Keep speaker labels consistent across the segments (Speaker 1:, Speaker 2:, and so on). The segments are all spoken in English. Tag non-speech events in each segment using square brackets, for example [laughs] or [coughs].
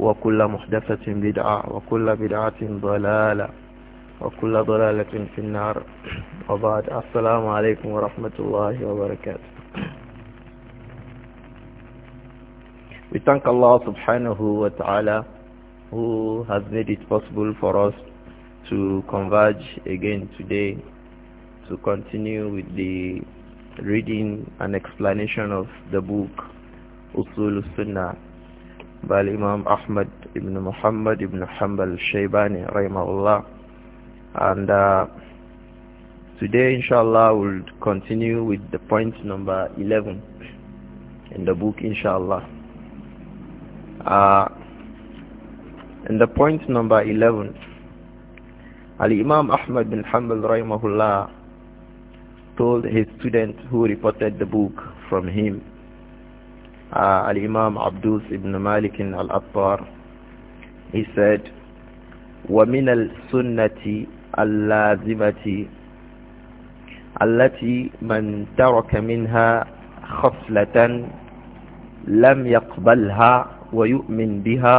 Speaker 1: وكل محدثة بدعة وكل بدعة ضلالة وكل ضلالة في النار وبعد السلام عليكم ورحمة الله وبركاته We thank Allah subhanahu wa ta'ala who has made it possible for us to converge again today to continue with the reading and explanation of the book Usul Sunnah by Imam Ahmad ibn Muhammad ibn al Shaybani rahimahullah and uh, today inshallah we'll continue with the point number 11 in the book inshallah uh, in the point number 11 Al-Imam Ahmad bin Hanbal rahimahullah told his student who reported the book from him الإمام عبدوس بن مالك ibn Malik he said, وَمِنَ السُنَّةِ اللَّازِمَةِ التي من ترك منها خصلة لم يقبلها ويؤمن بها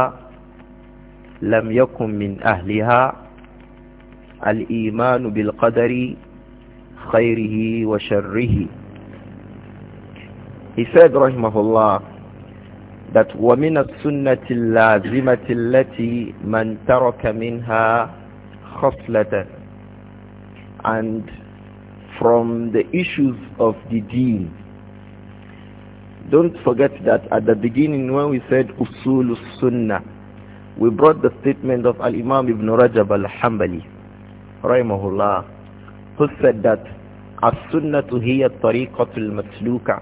Speaker 1: لم يكن من أهلها الإيمان بالقدر خيره وشره He said, rahimahullah, that وَمِنَ السُنَّةِ اللَّازِمَةِ الَّتِي مَنْ تَرَكَ مِنْهَا خَصْلَةً And from the issues of the deen. Don't forget that at the beginning when we said usul sunnah, we brought the statement of Al-Imam Ibn Rajab Al-Hambali, rahimahullah, who said that as-sunnatu hiya tariqatul masluka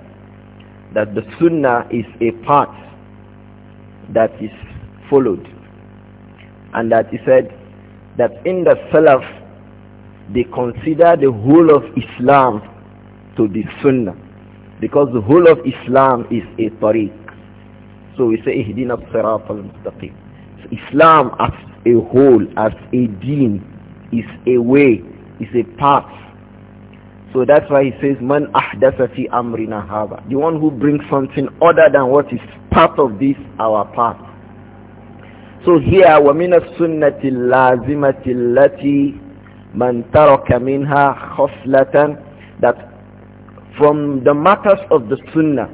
Speaker 1: that the sunnah is a path that is followed
Speaker 2: and that he said that in the salaf they consider the whole of Islam to be sunnah because the whole of Islam is a tariq so we say ihdina sirat al-mustaqim so Islam as a whole as a deen is a way is a path so that's why he says, Man ahdasa fi amrina haba. The one who brings something other than what is part of this, our path. So here, وَمِنَ السُنَّةِ اللَّازِمَةِ الَّتِي مَنْ تَرَكَ مِنْهَا خَصْلَةً That from the matters of the sunnah,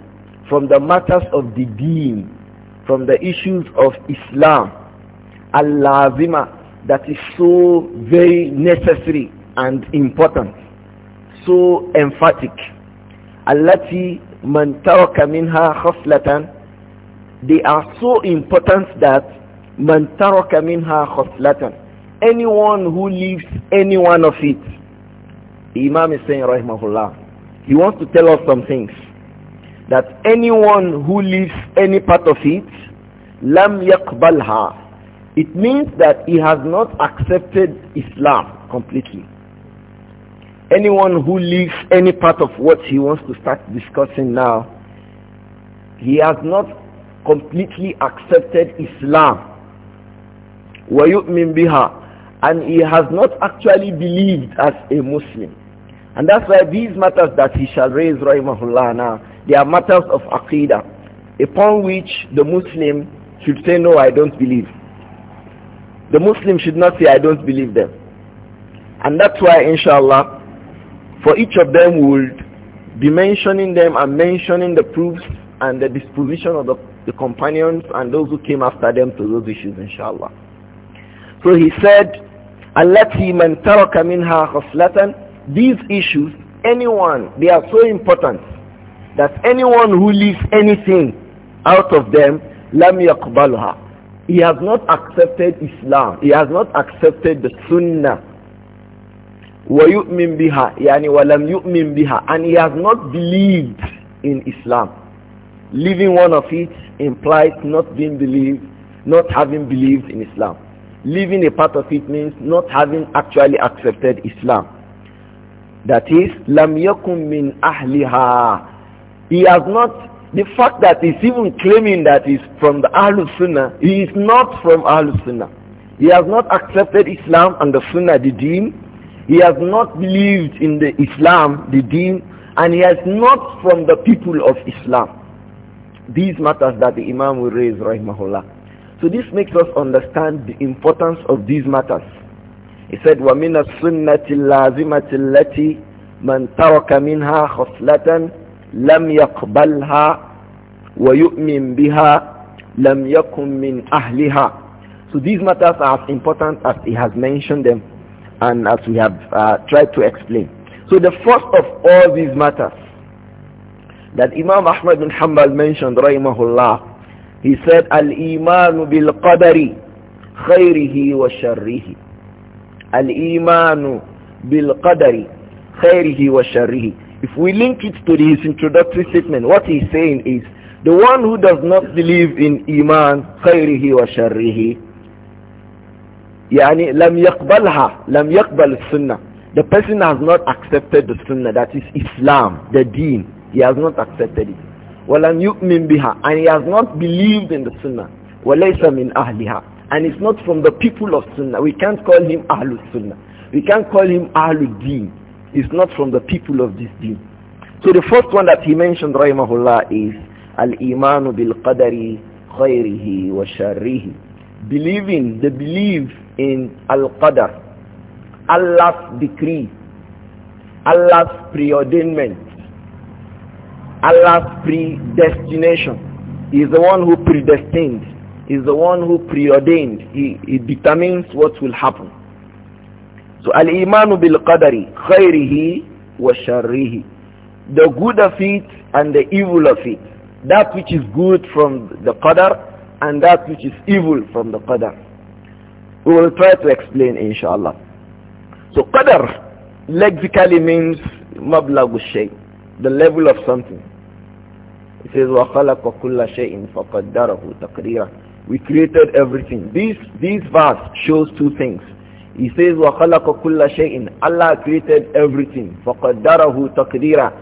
Speaker 2: from the matters of the deen, from the issues of Islam, al-lazima, is so very necessary and important so emphatic التي من ترك منها خصلة they are so important that من ترك منها خصلة anyone who leaves any one of it Imam is saying rahimahullah he wants to tell us some things that anyone who leaves any part of it lam yakbalha. it means that he has not accepted Islam completely anyone who leaves any part of what he wants to start discussing now, he has not completely accepted Islam. وَيُؤْمِن biha, And he has not actually believed as a Muslim. And that's why these matters that he shall raise, rahimahullah, now, they are matters of aqidah, upon which the Muslim should say, no, I don't believe. The Muslim should not say, I don't believe them. And that's why, inshallah, for each of them would be mentioning them and mentioning the proofs and the disposition of the, the companions and those who came after them to those issues, inshallah. So he said, "And التي من ترك منها غفلة These issues, anyone, they are so important that anyone who leaves anything out of them, لم يقبلها. He has not accepted Islam. He has not accepted the Sunnah وَيُؤْمِن بِهَا يعني وَلَمْ يُؤْمِن بِهَا and he has not believed in Islam leaving one of it implies not being believed not having believed in Islam leaving a part of it means not having actually accepted Islam that is لَمْ يَكُن مِّن أَهْلِهَا he has not the fact that he's even claiming that he's from the Ahlu Sunnah he is not from Ahlu Sunnah he has not accepted Islam and the Sunnah the deen he has not lived in the Islam, the deen, and he has not from the people of Islam. These matters that the Imam will raise, rahimahullah. So this makes us understand the importance of these matters. He said, وَمِنَ السُنَّةِ اللَّازِمَةِ الَّتِي مَنْ تَرَكَ مِنْهَا خَصْلَةً لَمْ يَقْبَلْهَا وَيُؤْمِنْ بِهَا لَمْ يَكُنْ مِنْ أَهْلِهَا So these matters are as important as he has mentioned them and as we have uh, tried to explain. So the first of all these matters that Imam Ahmad bin Hanbal mentioned, rahimahullah, he said, Al-Imanu bil-Qadari khayrihi wa sharrihi. Al-Imanu bil-Qadari khayrihi wa sharrihi. If we link it to his introductory statement, what he's saying is, the one who does not believe in Iman, khayrihi wa sharrihi, yani lam yaqbalha lam yaqbal sunnah the person has not accepted the sunnah that is islam the deen he has not accepted it walam yu'min biha and he has not believed in the sunnah walaysa min ahliha and it's not from the people of sunnah we can't call him ahlus sunnah we can't call him ahlul deen it's not from the people of this deen so the first one that he mentioned rahimahullah is al-imanu bil qadari khairihi wa sharrihi believing the belief in Al-Qadr, Allah's decree, Allah's preordainment, Allah's predestination. He is the one who predestined. He is the one who preordained. He, he determines what will happen. So al iman bil-qadari khairihi wa sharrihi. The good of it and the evil of it. That which is good from the qadar and that which is evil from the qadar. We will try to explain inshallah. So qadar lexically means mablagu shay, the level of something. It says wa khalaqa kulla shay'in faqaddarahu taqdira. We created everything. This this verse shows two things. He says wa khalaqa kulla shay'in. Allah created everything faqaddarahu taqdira.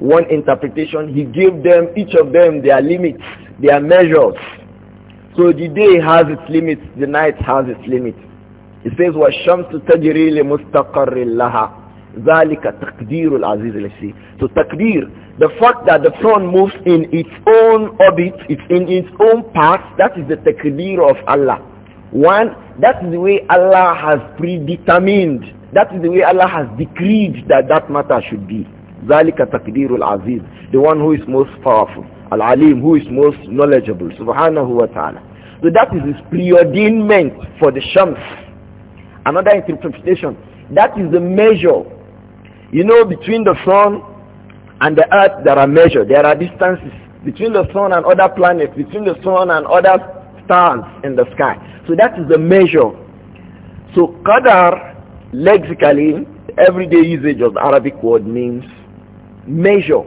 Speaker 2: One interpretation, he gave them each of them their limits, their measures so the day has its limits, the night has its limits. It says, وَالشَّمْسُ تَجْرِي لِمُسْتَقَرٍ لَهَا ذَلِكَ تَقْدِيرُ الْعَزِيزِ الْعَسِيمِ So takdir, the fact that the sun moves in its own orbit, it's in its own path, that is the takdir of Allah. One, that is the way Allah has predetermined. That is the way Allah has decreed that that matter should be. ذَلِكَ تَقْدِيرُ الْعَزِيزِ The one who is most powerful. Al-Alim, who is most knowledgeable, subhanahu wa ta'ala. So that is his preordainment for the Shams. Another interpretation, that is the measure. You know, between the sun and the earth, there are measures, there are distances. Between the sun and other planets, between the sun and other stars in the sky. So that is the measure. So qadar, lexically, everyday usage of the Arabic word means measure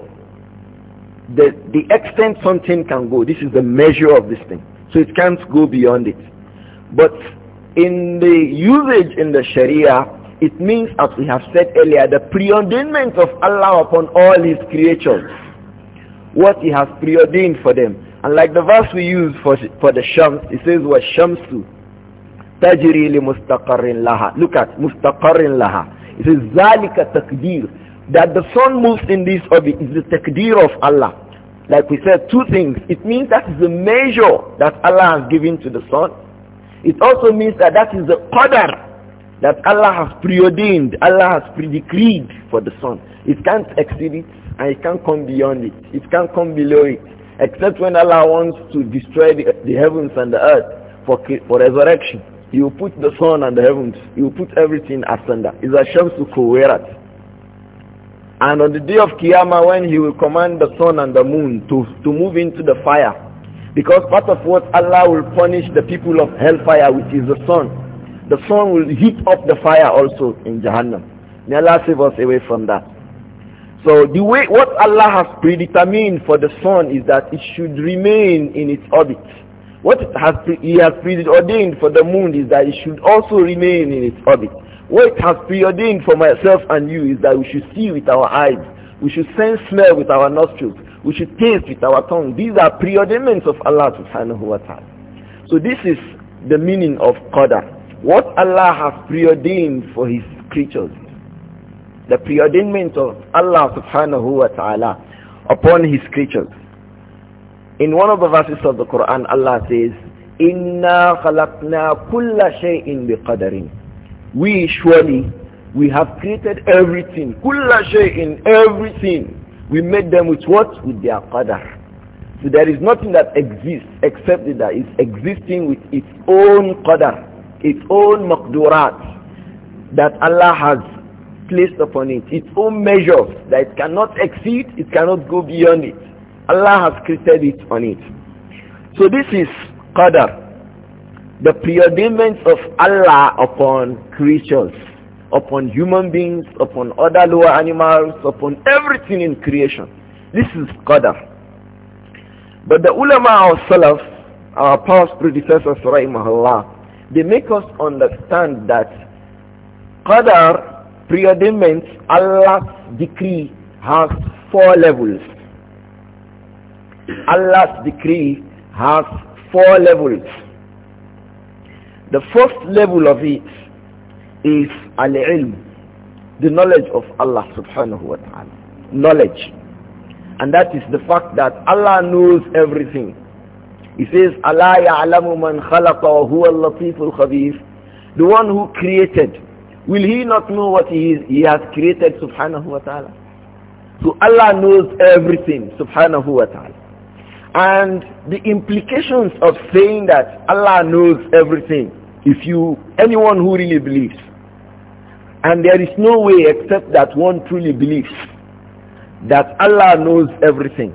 Speaker 2: the, the extent something can go, this is the measure of this thing. So it can't go beyond it. But in the usage in the Sharia, it means, as we have said earlier, the preordainment of Allah upon all his creatures. What he has preordained for them. And like the verse we use for, for the Shams, it says, what وَالشَّمْسُ li لِمُسْتَقَرٍ laha. Look at, مُسْتَقَرٍ laha. It says, ذَلِكَ تَقْدِيرٌ that the sun moves in this orbit is the takdir of Allah. Like we said, two things. It means that is the measure that Allah has given to the sun. It also means that that is the order that Allah has preordained, Allah has predecreed for the sun. It can't exceed it and it can't come beyond it. It can't come below it. Except when Allah wants to destroy the, the heavens and the earth for, for resurrection. He will put the sun and the heavens. He will put everything asunder. It's a shamsu kuwerat. And on the day of Qiyamah when he will command the sun and the moon to, to move into the fire. Because part of what Allah will punish the people of hellfire which is the sun. The sun will heat up the fire also in Jahannam. May Allah save us away from that. So the way what Allah has predetermined for the sun is that it should remain in its orbit. What it has, He has predetermined for the moon is that it should also remain in its orbit. What has preordained for myself and you is that we should see with our eyes. We should sense smell with our nostrils. We should taste with our tongue. These are preordainments of Allah subhanahu wa ta'ala. So this is the meaning of Qadr. What Allah has preordained for his creatures. The preordainment of Allah subhanahu wa ta'ala upon his creatures. In one of the verses of the Quran, Allah says, إِنَّا خَلَقْنَا كُلَّ شَيْءٍ بِقَدَرٍ we surely we have created everything kulla in everything we made them with what with their qadar so there is nothing that exists except that it's existing with its own qadar its own maqdurat that Allah has placed upon it its own measures that it cannot exceed it cannot go beyond it Allah has created it on it so this is qadar the preordainment of Allah upon creatures, upon human beings, upon other lower animals, upon everything in creation. This is Qadar. But the ulama of Salaf, our past predecessors, rahimahullah, they make us understand that Qadar, preordainment, Allah's decree has four levels. Allah's decree has four levels. The first level of it is al-ilm, the knowledge of Allah subhanahu wa ta'ala. Knowledge. And that is the fact that Allah knows everything. He says, Allah ya'lamu man khalaqa wa huwa al-latiful The one who created, will he not know what he, is, he has created subhanahu wa ta'ala? So Allah knows everything subhanahu wa ta'ala. And the implications of saying that Allah knows everything, if you, anyone who really believes, and there is no way except that one truly believes that Allah knows everything.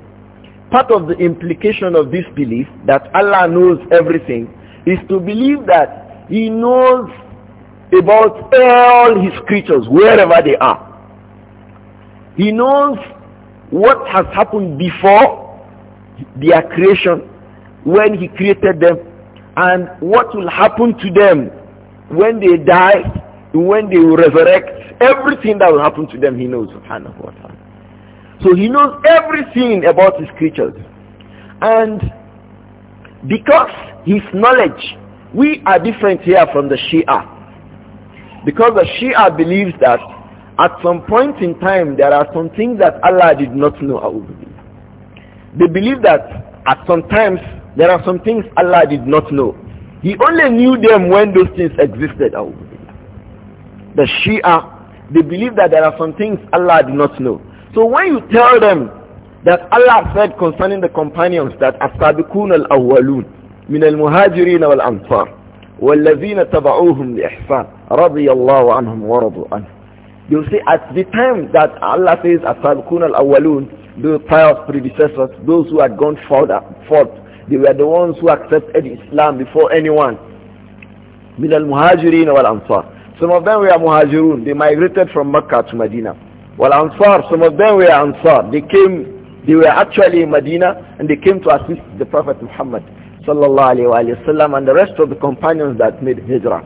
Speaker 2: Part of the implication of this belief that Allah knows everything is to believe that He knows about all His creatures, wherever they are. He knows what has happened before their creation when he created them and what will happen to them when they die, when they will resurrect, everything that will happen to them he knows subhanahu wa ta'ala. So he knows everything about his creatures. And because his knowledge, we are different here from the Shia. Because the Shia believes that at some point in time there are some things that Allah did not know. They believe that at some times there are some things Allah did not know. He only knew them when those things existed. Oh, the Shia, they believe that there are some things Allah did not know. So when you tell them that Allah said concerning the companions that as الْأَوْلُوْنَ al الْمُهَاجِرِينَ min al والذين تبعوهم لِإِحْسَانٍ رضي الله عنهم ورضوا عنه. You see, at the time that Allah says as الْأَوْلُوْنَ al the pious predecessors, those who had gone further, forth, they were the ones who accepted Islam before anyone. من wal Ansar. Some of them were muhajirun. They migrated from Mecca to Medina. Ansar, some of them were ansar. They came, they were actually in Medina and they came to assist the Prophet Muhammad sallallahu alayhi wasallam, and the rest of the companions that made hijrah.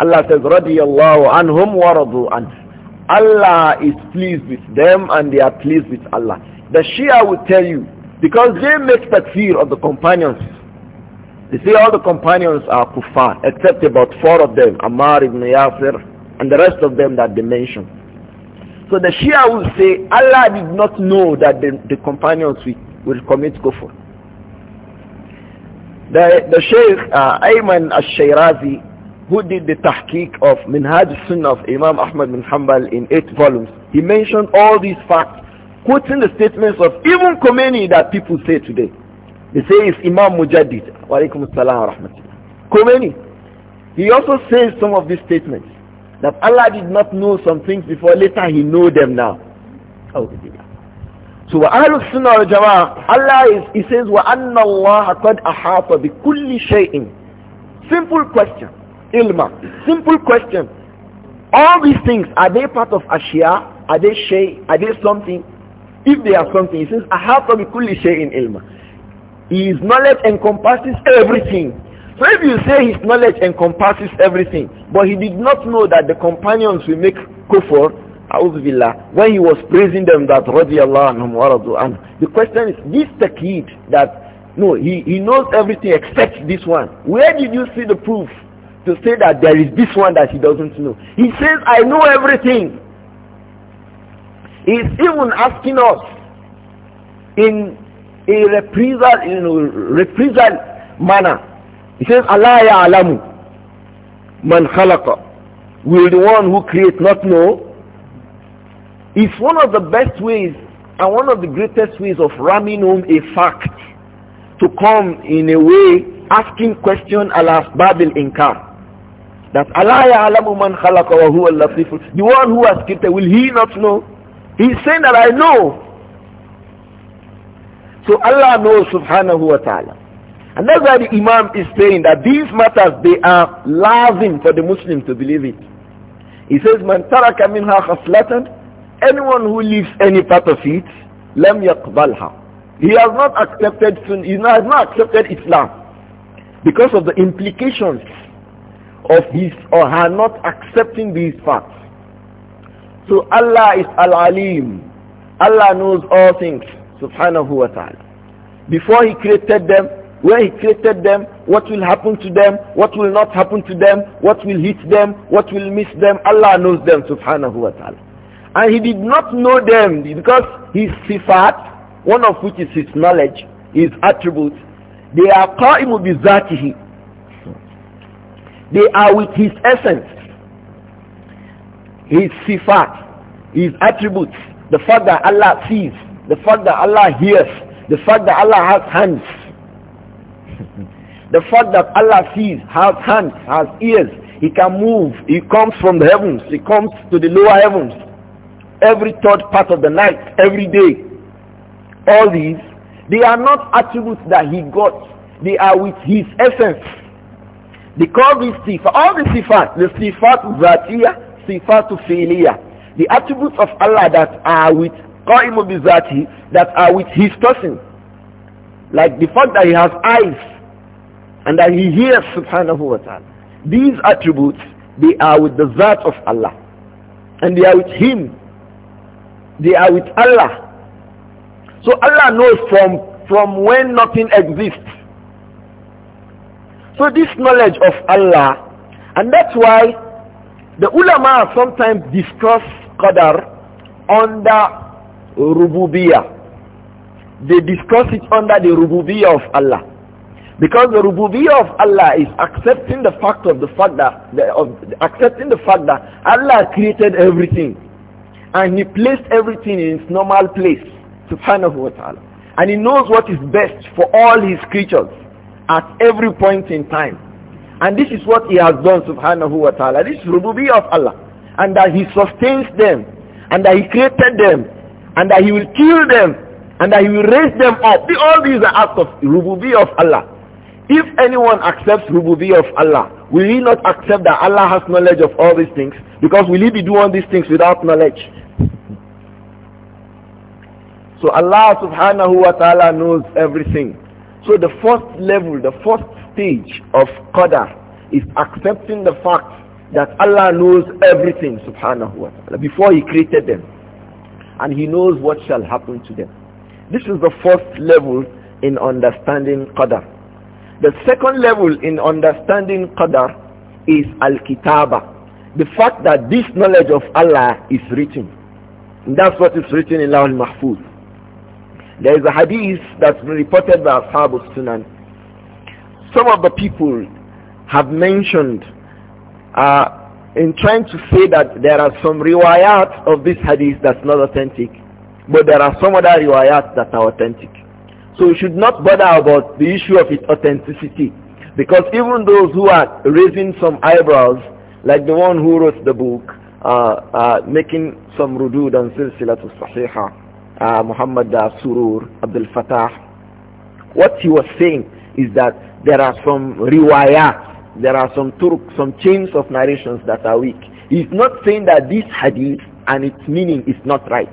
Speaker 2: Allah says, radiyallahu anhum wa radu anhu. Allah is pleased with them and they are pleased with Allah. The Shia will tell you, because they make takfir of the companions. They say all the companions are kuffar, except about four of them, Ammar ibn Yasir, and the rest of them that they mention. So the Shia will say, Allah did not know that the, the companions will, will commit kufr. The, the Shaykh uh, Ayman al-Shirazi, who did the tahqiq of Minhaj Sunnah of Imam Ahmad bin Hanbal in eight volumes, he mentioned all these facts quoting the statements of even Khomeini that people say today. They say it's Imam Mujaddid. Wa alaikum rahmatullah. Khomeini. He also says some of these statements. That Allah did not know some things before, later he know them now. So wa ahlus sunnah jama'ah, Allah is, he says, wa anna Allah qad ahata bi kulli shay'in. Simple question. Ilma. Simple question. All these things, are they part of ashia? Are they shay? Are they something? If they have something, he says, أَحَاطَ بِكُلِّ in ilma. His knowledge encompasses everything. So if you say his knowledge encompasses everything, but he did not know that the companions will make kufr, billah, when he was praising them that radiallahu anhum wa anhu. The question is, this taqid that, no, he, he knows everything except this one. Where did you see the proof to say that there is this one that he doesn't know? He says, I know everything is even asking us in a reprisal, in a reprisal manner. He says, Allah ya alamu man khalaqa. Will the one who create not know? It's one of the best ways and one of the greatest ways of ramming home a fact to come in a way asking question alas babil income. That Allah ya alamu man khalaqa wa huwa al The one who has created, will he not know? He's saying that I know. So Allah knows subhanahu wa ta'ala. And that's why the Imam is saying that these matters, they are laughing for the Muslim to believe it. He says, Man taraka minha khaslatan, anyone who leaves any part of it, lam yaqbalha. He has not accepted he has not accepted Islam because of the implications of his or her not accepting these facts. So Allah is Al-Alim. Allah knows all things, subhanahu wa ta'ala. Before he created them, when he created them, what will happen to them, what will not happen to them, what will hit them, what will miss them, Allah knows them, subhanahu wa ta'ala. And he did not know them because his sifat, one of which is his knowledge, his attributes, they are qa'imu bizatihi. They are with his essence his sifat, his attributes, the fact that Allah sees, the fact that Allah hears, the fact that Allah has hands, [laughs] the fact that Allah sees, has hands, has ears, he can move, he comes from the heavens, he comes to the lower heavens, every third part of the night, every day. All these, they are not attributes that he got, they are with his essence. They call this sifat, all the sifat, the sifat zatiyah, sifatu fi'liya, the attributes of Allah that are with qa'imu bizati, that are with his person. Like the fact that he has eyes and that he hears subhanahu wa ta'ala. These attributes, they are with the zat of Allah. And they are with him. They are with Allah. So Allah knows from, from when nothing exists. So this knowledge of Allah, and that's why the ulama sometimes discuss qadar under rububiyah. They discuss it under the rububiyah of Allah. Because the rububiyah of Allah is accepting the fact of the fact that the, of, accepting the fact that Allah created everything and he placed everything in its normal place subhanahu wa ta'ala and he knows what is best for all his creatures at every point in time and this is what he has done, subhanahu wa ta'ala. This is rububiyyah of Allah. And that he sustains them. And that he created them. And that he will kill them. And that he will raise them up. All these are acts of rububiyyah of Allah. If anyone accepts rububiyyah of Allah, will he not accept that Allah has knowledge of all these things? Because will he be doing these things without knowledge? So Allah subhanahu wa ta'ala knows everything. So the first level, the first stage of qadar is accepting the fact that Allah knows everything subhanahu wa ta'ala before he created them and he knows what shall happen to them this is the first level in understanding qadar the second level in understanding qadar is al-kitaba the fact that this knowledge of Allah is written and that's what is written in Law al-Mahfuz there is a hadith that's been reported by Ashab sunan some of the people have mentioned uh, in trying to say that there are some riwayat of this hadith that's not authentic, but there are some other riwayat that are authentic. So we should not bother about the issue of its authenticity, because even those who are raising some eyebrows, like the one who wrote the book, uh, uh, making some rudud on silsilatul sahiha, uh, Muhammad Surur Abdul Fatah, what he was saying is that there are some riwayat, there are some some chains of narrations that are weak. He's not saying that this hadith and its meaning is not right.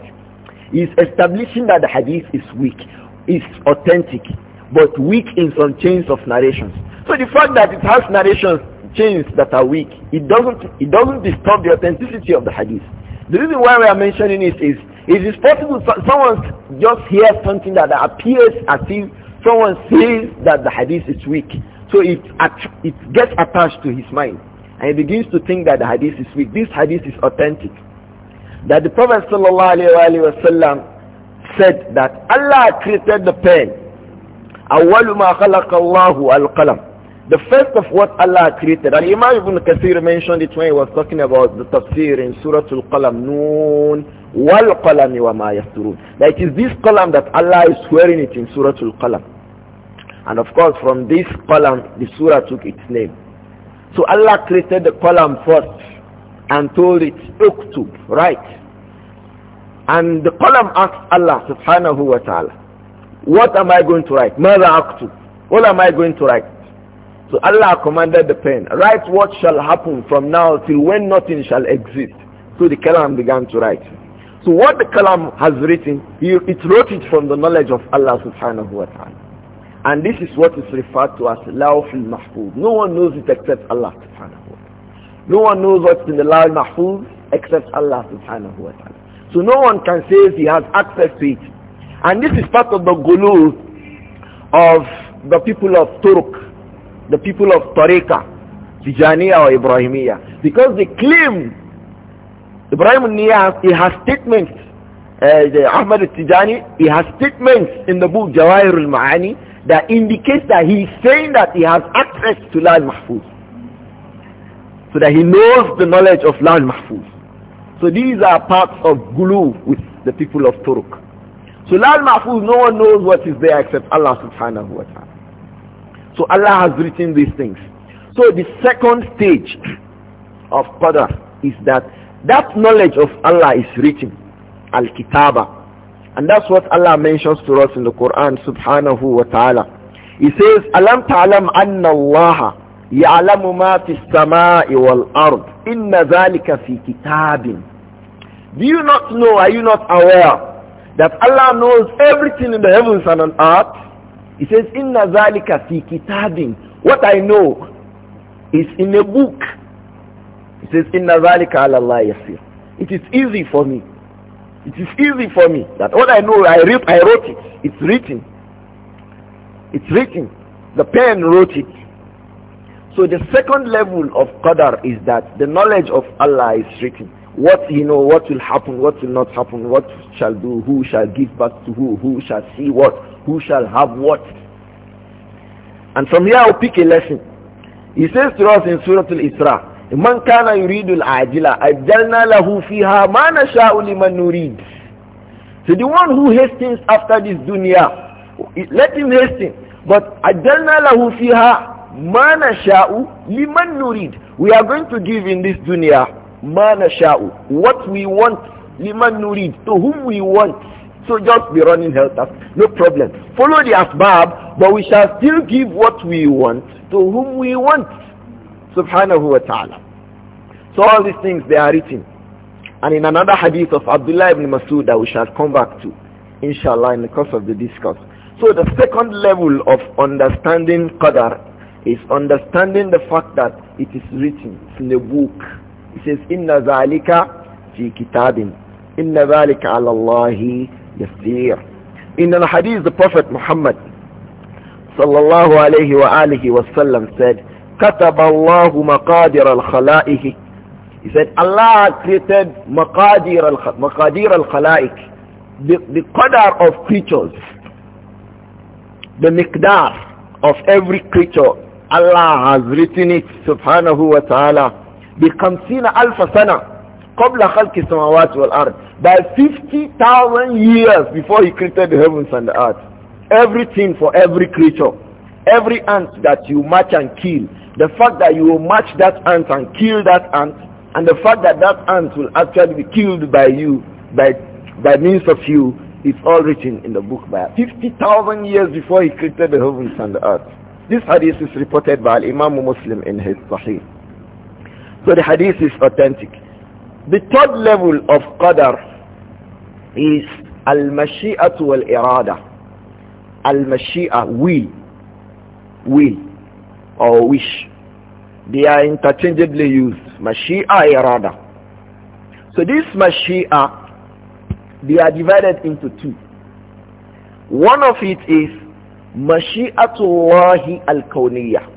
Speaker 2: He's establishing that the hadith is weak, is authentic, but weak in some chains of narrations. So the fact that it has narrations chains that are weak, it doesn't it doesn't disturb the authenticity of the hadith. The reason why we are mentioning this is it is possible someone just hears something that appears as if someone says that the hadith is weak, so it, it gets attached to his mind. And he begins to think that the hadith is weak. This hadith is authentic. That the Prophet wasallam said that Allah created the pen. أول ما خلق الله القلم the first of what Allah created, and Imam Ibn Kathir mentioned it when he was talking about the tafsir in Surah Al-Qalam, Noon, wal qalami wa ma yasturun. That it is this qalam that Allah is swearing it in Surah Al-Qalam. And of course from this qalam, the surah took its name. So Allah created the qalam first and told it, Uktub, right? And the qalam asked Allah subhanahu wa ta'ala, what am I going to write? Mother Aktub, what am I going to write? So Allah commanded the pen, write what shall happen from now till when nothing shall exist. So the Kalam began to write. So what the Kalam has written, he, it wrote it from the knowledge of Allah subhanahu wa ta'ala. And this is what is referred to as Lawful Mahfuz. No one knows it except Allah
Speaker 3: subhanahu wa
Speaker 2: ta'ala. No one knows what's in the Lawful Mahfuz except Allah subhanahu wa ta'ala. So no one can say he has access to it. And this is part of the gulu of the people of Turk the people of Tariqa, Tijaniya or Ibrahimiya. Because they claim, Ibrahim Niya, he has statements, uh, the Ahmad Tijani, he has statements in the book Jawahir al-Ma'ani that indicates that he is saying that he has access to Lal Mahfuz. So that he knows the knowledge of Lal Mahfuz. So these are parts of Gulu with the people of Turuk. So Lal Mahfuz, no one knows what is there except Allah subhanahu wa ta'ala. So Allah has written these things. So the second stage of Qadr is that that knowledge of Allah is written. Al-Kitaba. And that's what Allah mentions to us in the Quran subhanahu wa ta'ala. He says, Alam ta'alam an Allah ya'lamu ma fi samai ard. Inna dhalika fi kitabin. Do you not know, are you not aware that Allah knows everything in the heavens and on earth? He says, Inna zalika fi kitabin. What I know is in a book. He says, Inna zalika ala Allah yasir. It is easy for me. It is easy for me that what I know, I, read, I wrote it. It's written. It's written. The pen wrote it. So the second level of Qadar is that the knowledge of Allah is written. What you know, what will happen, what will not happen, what shall do, who shall give back to who, who shall see what, who shall have what? And from here I'll pick a lesson. He says to us in Surah Al-Isra, من كان يريد العاجلة أجلنا له فيها ما نشاء لمن نريد. So the one who hastens after this dunya, let him hasten. But أجلنا له فيها ما نشاء لمن نريد. We are going to give in this dunya ما نشاء, what we want, لمن نريد, to whom we want. So just be running helter. No problem. Follow the asbab, but we shall still give what we want to whom we want. Subhanahu wa ta'ala. So all these things, they are written. And in another hadith of Abdullah ibn Masud that we shall come back to, inshallah, in the course of the discourse. So the second level of understanding Qadar is understanding the fact that it is written. It's in the book. It says, إِنَّ ذَلِكَ فِي كِتَابٍ إِنَّ ذَلِكَ عَلَى اللَّهِ yasir. In the hadith, the Prophet Muhammad sallallahu alaihi wa alihi wasallam said, كتب الله مقادر الخلائق He said, Allah created maqadir مقادير الخلائق the, the qadar of creatures, the miqdar of every creature, Allah has written it, subhanahu wa ta'ala, بِخَمْسِينَ أَلْفَ سَنَةٍ قبل خلق السماوات والأرض by 50,000 years before he created the heavens and the earth everything for every creature every ant that you match and kill the fact that you will match that ant and kill that ant and the fact that that ant will actually be killed by you by by means of you is all written in the book by 50,000 years before he created the heavens and the earth this hadith is reported by Imam Muslim in his Sahih so the hadith is authentic the third level of qadar is al-mashi'atu wal-irada. Al-mashi'a, will. Will or wish. They are interchangeably used. Mashi'a, irada. So this mashi'a, they are divided into two. One of it is mashi'atullahi al-kawniyah.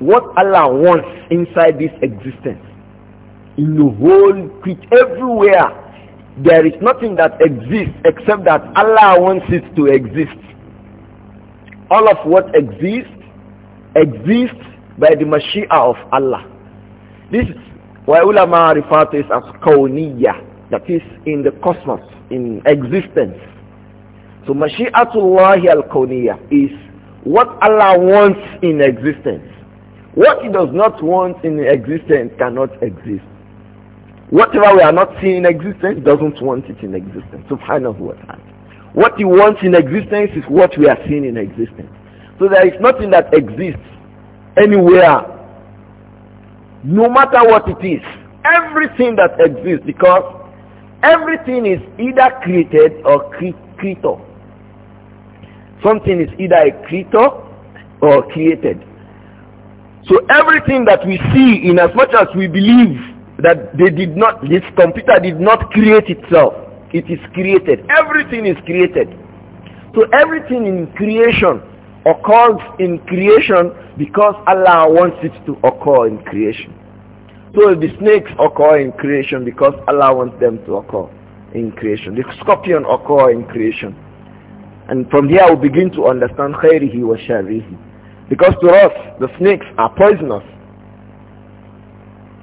Speaker 2: What Allah wants inside this existence in the whole creature, everywhere. There is nothing that exists except that Allah wants it to exist. All of what exists, exists by the Mashiach of Allah. This is why ulama refer to it as kawniyya, that is in the cosmos, in existence. So Mashi'atullah al-kawniyya is what Allah wants in existence. What he does not want in existence cannot exist. Whatever we are not seeing in existence doesn't want it in existence. So, find out What he wants in existence is what we are seeing in existence. So there is nothing that exists anywhere. No matter what it is. Everything that exists because everything is either created or creator. Something is either a creator or created. So everything that we see in as much as we believe that they did not, this computer did not create itself. It is created. Everything is created. So everything in creation occurs in creation because Allah wants it to occur in creation. So the snakes occur in creation because Allah wants them to occur in creation. The scorpion occur in creation. And from here we begin to understand khairihi wa sharrihi. Because to us, the snakes are poisonous.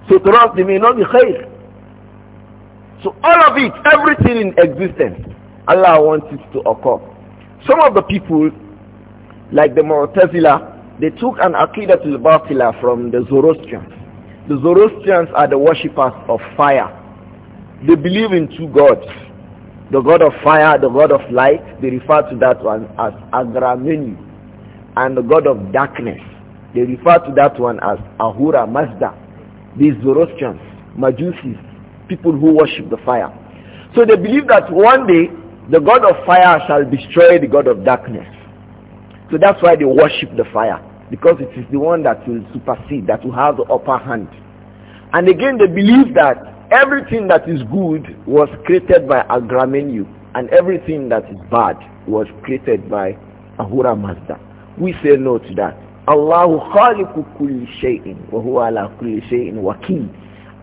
Speaker 2: So to us they may not be khair. So all of it, everything in existence, Allah wants it to occur. Some of the people, like the Mu'tazila, they took an Aqidatul Batila from the Zoroastrians. The Zoroastrians are the worshippers of fire. They believe in two gods. The god of fire, the god of light, they refer to that one as Agramenu. And the god of darkness, they refer to that one as Ahura Mazda. These Zoroastrians, Majusis, people who worship the fire. So they believe that one day the God of fire shall destroy the God of darkness. So that's why they worship the fire because it is the one that will supersede, that will have the upper hand. And again, they believe that everything that is good was created by Agramenu and everything that is bad was created by Ahura Mazda. We say no to that. Allahu khaliqu kulli shay'in wa huwa ala kulli shay'in wakil.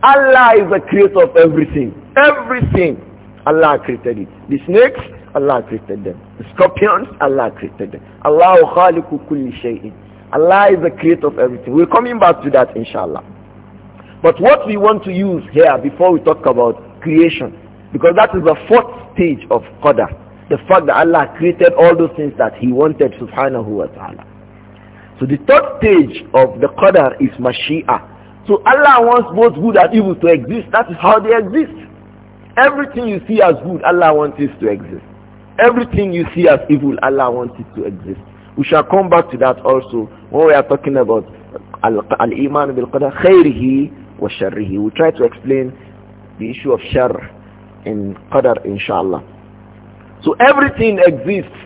Speaker 2: Allah is the creator of everything. Everything. Allah created it. The snakes, Allah created them. The scorpions, Allah created them. Allahu khaliqu kulli shay'in. Allah is the creator of everything. We're coming back to that inshallah. But what we want to use here before we talk about creation, because that is the fourth stage of Qadr, the fact that Allah created all those things that He wanted subhanahu wa ta'ala. So the third stage of the Qadar is Mashiach. So Allah wants both good and evil to exist. That is how they exist. Everything you see as good, Allah wants it to exist. Everything you see as evil, Allah wants it to exist. We shall come back to that also when we are talking about Al-Iman bil-Qadar khayrihi wa sharrihi. We try to explain the issue of shar in Qadar inshallah. So everything exists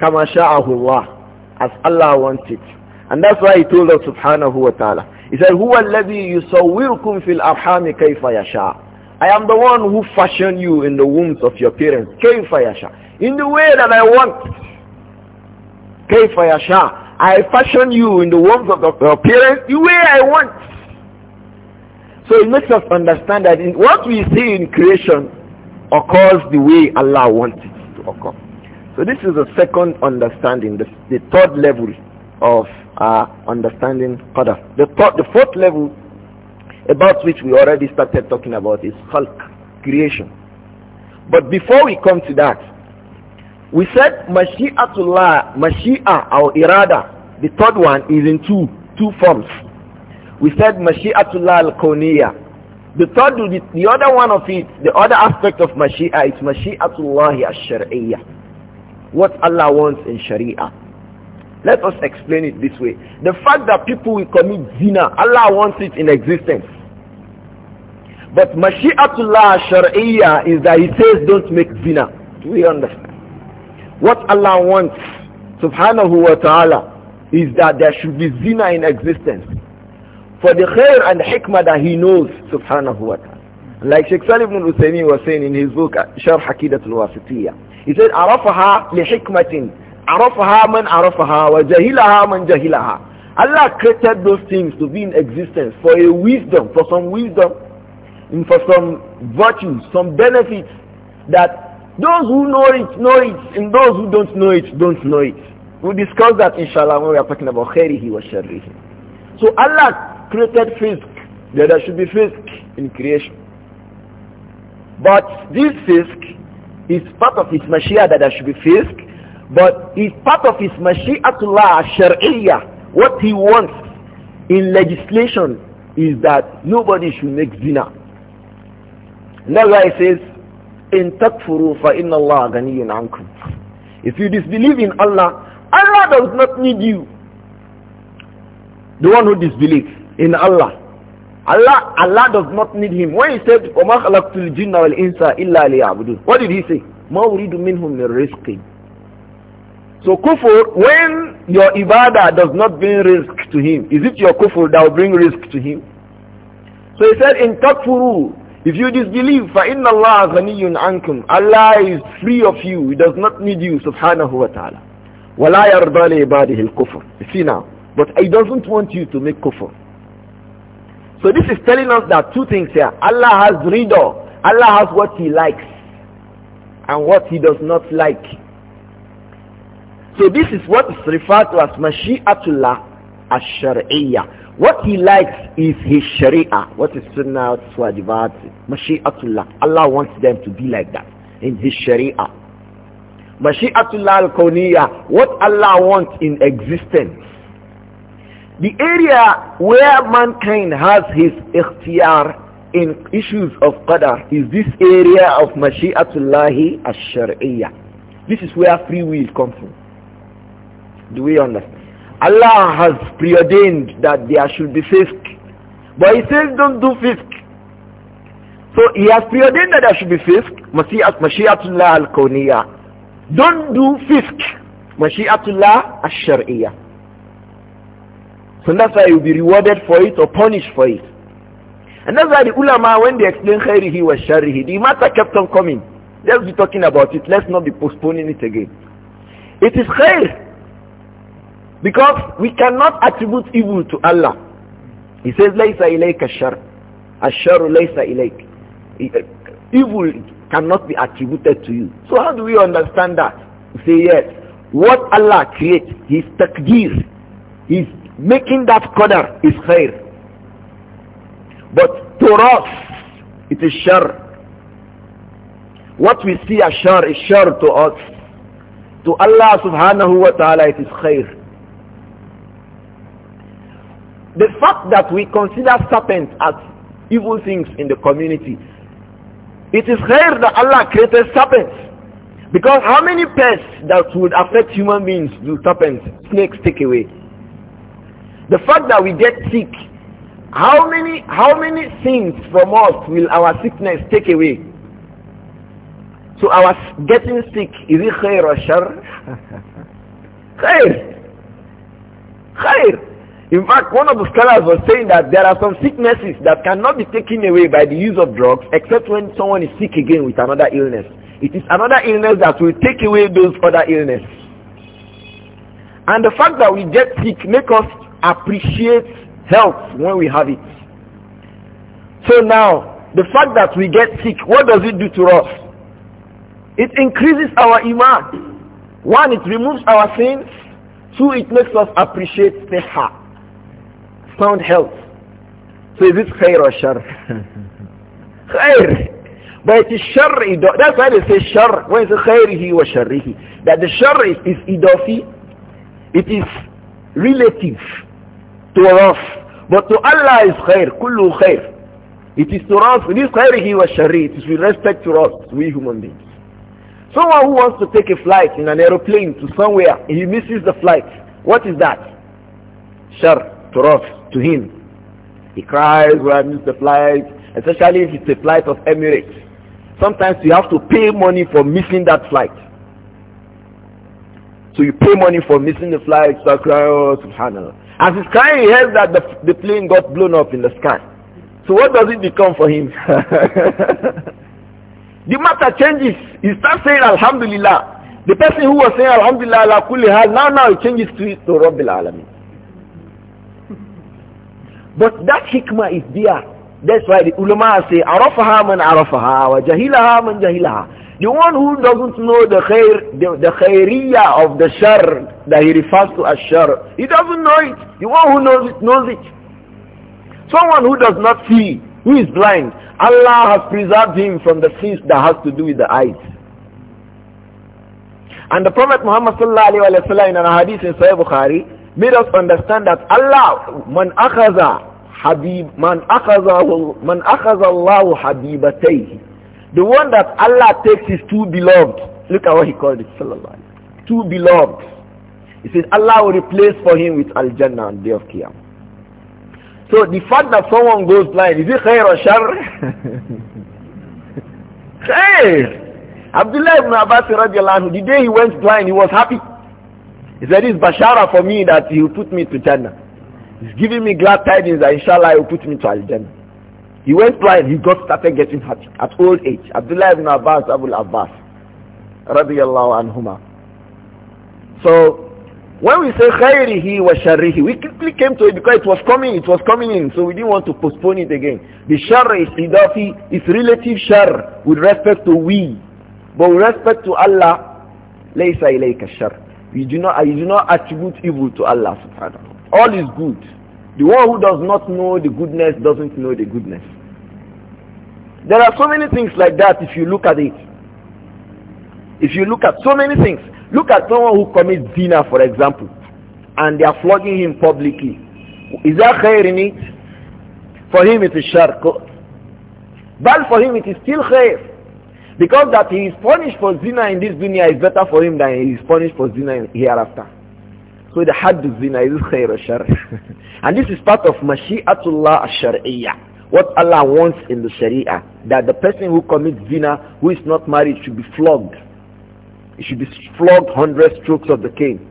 Speaker 2: kama sha'ahu Allah as Allah wants it. And that's why he told us subhanahu wa ta'ala. He said, هُوَ الَّذِي يُصَوِّرْكُمْ فِي الْأَرْحَامِ كَيْفَ يَشَاءُ I am the one who fashioned you in the wombs of your parents. Kafayyasha. In the way that I want. Kafayyasha, I fashioned you in the wombs of your parents the way I want. So it makes us understand that in, what we see in creation occurs the way Allah wants it to occur. So this is the second understanding, the, the third level of our understanding qadar. The, the fourth level about which we already started talking about is khalq, creation. But before we come to that, we said mashi'atullah, mashi'a our irada, the third one is in two, two forms. We said mashi'atullah al-kawniyya. The third, the, the other one of it, the other aspect of mashi'a is mashi'atullah al-shar'iyya. What Allah wants in sharia. Let us explain it this way. The fact that people will commit zina, Allah wants it in existence. But Mashi'atullah Shar'iyya is that he says don't make zina. Do we understand? What Allah wants, subhanahu wa ta'ala, is that there should be zina in existence. For the khair and hikmah that he knows, subhanahu wa ta'ala. Like Sheikh Salim ibn Uthaymeen was saying in his book, Sharh Hakidat al-Wasitiyya. He said, عرفها لحكمة arafaha man arafaha wa jahilaha man jahilaha. Allah created those things to be in existence for a wisdom, for some wisdom, and for some virtues, some benefits that those who know it, know it, and those who don't know it, don't know it. We'll discuss that inshallah when we are talking about khairihi wa sharrihi. So Allah created fisk, that there should be fisk in creation. But this fisk is part of his mashia that there should be fisk, but it's part of his mashi'atullah shar'iyya. What he wants in legislation is that nobody should make zina. And that's why he says, in takfuru fa inna Allah ganiyun ankum. If you disbelieve in Allah, Allah does not need you. The one who disbelieves in Allah. Allah Allah does not need him. When he said, وَمَا خَلَقْتُ الْجِنَّ وَالْإِنسَ إِلَّا لِيَعْبُدُونَ What did he say? مَا أُرِيدُ مِنْهُمْ مِنْ رِزْقٍ so kufur, when your ibadah does not bring risk to him, is it your kufur that will bring risk to him? So he said, in takfuru, if you disbelieve, فَإِنَّ اللَّهَ غَنِيٌّ عَنْكُمْ Allah is free of you. He does not need you, subhanahu wa ta'ala. وَلَا يَرْضَى لِعِبَادِهِ الْكُفْرِ You see now. But he doesn't want you to make kufur. So this is telling us that two things here. Allah has rido. Allah has what he likes and what he does not like. So this is what is referred to as Mashi'atullah Ash-Shari'iyah. What he likes is his Sharia. What is Sunnah, what is Wajibat, Mashi'atullah. Allah wants them to be like that in his Sharia. Mashi'atullah al-Kawniyah. What Allah wants in existence. The area where mankind has his ikhtiyar in issues of qadar is this area of mashi'atullahi ash-shar'iyyah. This is where free will comes from. Do we understand? Allah has preordained that there should be fisk. But he says don't do fisk. So he has preordained that there should be fisk. Mashi'at, Mashi'atullah al-Kawniyah. Don't do fisk. Mashi'atullah al-Shar'iyah. So that's why you'll be rewarded for it or punished for it. And that's why the ulama, when they explain khairihi was sharihi, the matter kept on coming. Let's be talking about it. Let's not be postponing it again. It is khair because we cannot attribute evil to Allah. He says, لَيْسَ إِلَيْكَ الشَّرُ الشَّرُ لَيْسَ إِلَيْكَ Evil cannot be attributed to you. So how do we understand that? We say, yes. What Allah creates, His taqdeer, He's making that color is khair. But to us, it is shar. What we see as shar is shar to us. To Allah subhanahu wa ta'ala it is khair. The fact that we consider serpents as evil things in the community, it is rare that Allah created serpents. Because how many pests that would affect human beings do serpents, snakes take away? The fact that we get sick, how many, how many things from us will our sickness take away? So our getting sick, is it khair or shar? [laughs] khair. Khair. In fact, one of the scholars was saying that there are some sicknesses that cannot be taken away by the use of drugs except when someone is sick again with another illness. It is another illness that will take away those other illnesses. And the fact that we get sick makes us appreciate health when we have it. So now, the fact that we get sick, what does it do to us? It increases our iman. One, it removes our sins. Two, it makes us appreciate the heart sound health. So is it khair or shar? [laughs] khair. But it is shar. That's why they say shar. When it's khairihi or sharrihi. That the shar is, is idafi. It is relative to us. But to Allah is khair. Kullu khair. It is to us. It is khairihi or sharrihi. It is with respect to us, we human beings. Someone who wants to take a flight in an aeroplane to somewhere, he misses the flight. What is that? Shar turaf to him. He cries, we have missed the flight, especially if it's a flight of Emirates. Sometimes you have to pay money for missing that flight. So you pay money for missing the flight, so I cry, oh, subhanAllah. As he's crying, he hears that the, the plane got blown up in the sky. So what does it become for him? [laughs] the matter changes. He starts saying Alhamdulillah. The person who was saying Alhamdulillah ala kulli now now it changes to, to Rabbil Alameen. But that hikmah is there. That's why the ulama say, Arafaha man arafaha wa jahilaha man jahilaha. The one who doesn't know the khair, the, the khairiyah of the shar that he refers to as shar, he doesn't know it. The one who knows it, knows it. Someone who does not see, who is blind, Allah has preserved him from the sins that has to do with the eyes. And the Prophet Muhammad sallallahu alayhi wa sallam in a hadith in Sahih Bukhari made us understand that Allah, man akhaza Habib man akhazahu man akhaza habibatayhi. The one that Allah takes his two beloved. Look at what he called it, sallallahu alaihi Two beloved. He says Allah will replace for him with Al Jannah on day of Qiyam. So the fact that someone goes blind, is it khair or shar? [laughs] khair! Abdullah ibn Abbas radiallahu the day he went blind, he was happy. He said, it's bashara for me that he will put me to Jannah. He's giving me glad tidings that inshallah he will put me to al He went blind. He got started getting hurt at old age. Abdullah ibn Abbas, Abu Abbas. Radiallahu anhuma. So, when we say khairihi wa sharrihi, we quickly came to it because it was coming, it was coming in, so we didn't want to postpone it again. The sharr is idafi, It's relative sharr with respect to we. But with respect to Allah, laysa ilayka shar. You do not, you do not attribute evil to Allah subhanahu all is good. The one who does not know the goodness doesn't know the goodness. There are so many things like that if you look at it. If you look at so many things. Look at someone who commits zina, for example, and they are flogging him publicly. Is that khair in it? For him it is shirk. But for him it is still khair. Because that he is punished for zina in this dunya is better for him than he is punished for zina hereafter. So the had zina is [laughs] khayr shar. and this is part of mashi'atullah ash-shar'iyyah. What Allah wants in the sharia, that the person who commits zina, who is not married, should be flogged. He should be flogged 100 strokes of the cane.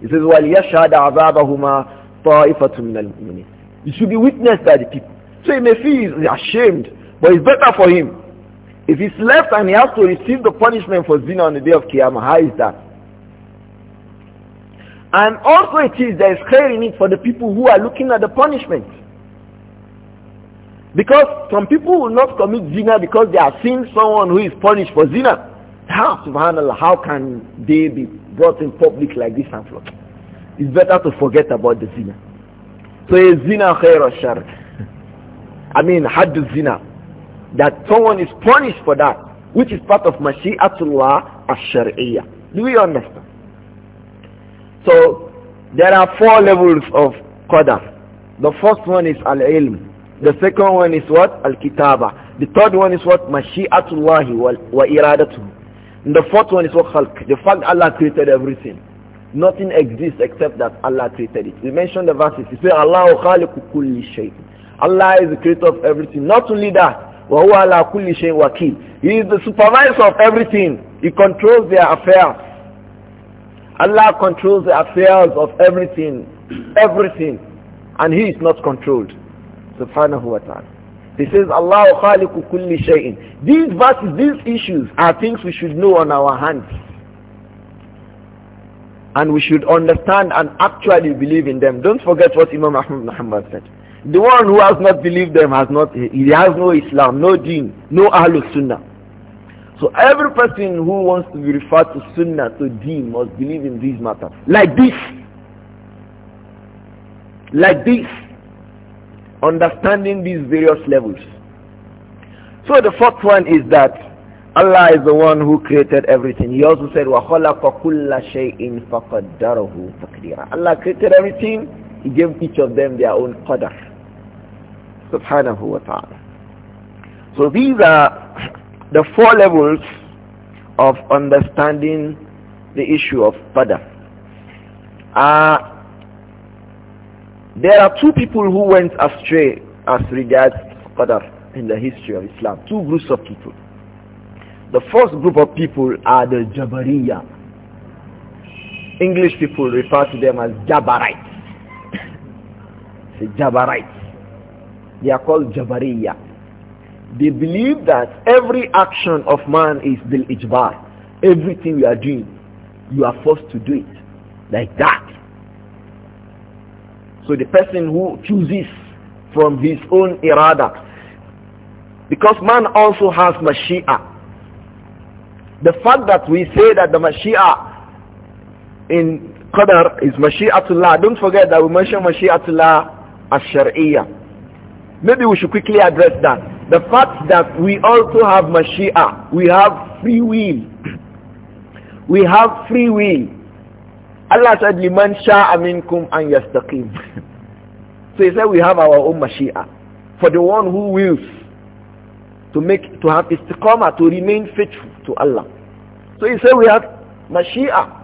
Speaker 2: He says, وَلْيَشْهَدَ عَذَابَهُمَا طَائِفَةٌ مِنَ الْمُؤْمِنِينَ It should be witnessed by the people. So he may feel ashamed, but it's better for him. If he's left and he has to receive the punishment for zina on the day of Qiyamah, how is that? And also it is there is care in it for the people who are looking at the punishment. Because some people will not commit zina because they are seeing someone who is punished for zina. How, subhanAllah, how can they be brought in public like this and flock? It's better to forget about the zina. So a zina khair or shar. [laughs] I mean, had the zina. That someone is punished for that, which is part of mashi'atullah ash-shar'iyyah. Do we understand? So there are four levels of qadar. The first one is al-ilm. The second one is what? Al-kitaba. The third one is what? Mashi'atullahi wa iradatuhu. And the fourth one is what? Khalq. The fact Allah created everything. Nothing exists except that Allah created it. We mentioned the verses. He said, Allahu khaliqu kulli shay. Allah is the creator of everything. Not only that, wa huwa ala kulli shay wakil. He is the supervisor of everything. He controls their affairs. Allah controls the affairs of everything, everything, and He is not controlled. Subhanahu wa ta'ala. He says, Allah khaliqu kulli shay'in. These verses, these issues are things we should know on our hands. And we should understand and actually believe in them. Don't forget what Imam Ahmad Muhammad said. The one who has not believed them has not, he has no Islam, no deen, no Ahlul Sunnah. So every person who wants to be referred to Sunnah, to Deen, must believe in these matters. Like this. Like this. Understanding these various levels. So the fourth one is that Allah is the one who created everything. He also said, وَخَلَقَ كُلَّ شَيْءٍ فَقَدَّرَهُ تَقْدِيرًا Allah created everything. He gave each of them their own qadr. Subhanahu wa ta'ala. So these are the four levels of understanding the issue of qadar. Uh, there are two people who went astray as regards qadar in the history of Islam. Two groups of people. The first group of people are the Jabariya. English people refer to them as Jabarites. It's [coughs] Jabarites. They are called Jabariya. They believe that every action of man is the ijbar. Everything you are doing, you are forced to do it like that. So the person who chooses from his own irada, because man also has mashia. The fact that we say that the mashia in qadar is mashiatullah, don't forget that we mention mashiatullah as shariah. Maybe we should quickly address that. The fact that we also have Mashiach, we have free will. We have free will. Allah said, liman sha'a minkum an yastaqim. so he said we have our own Mashiach. For the one who wills to make, to have istiqamah, to remain faithful to Allah. So he said we have Mashiach.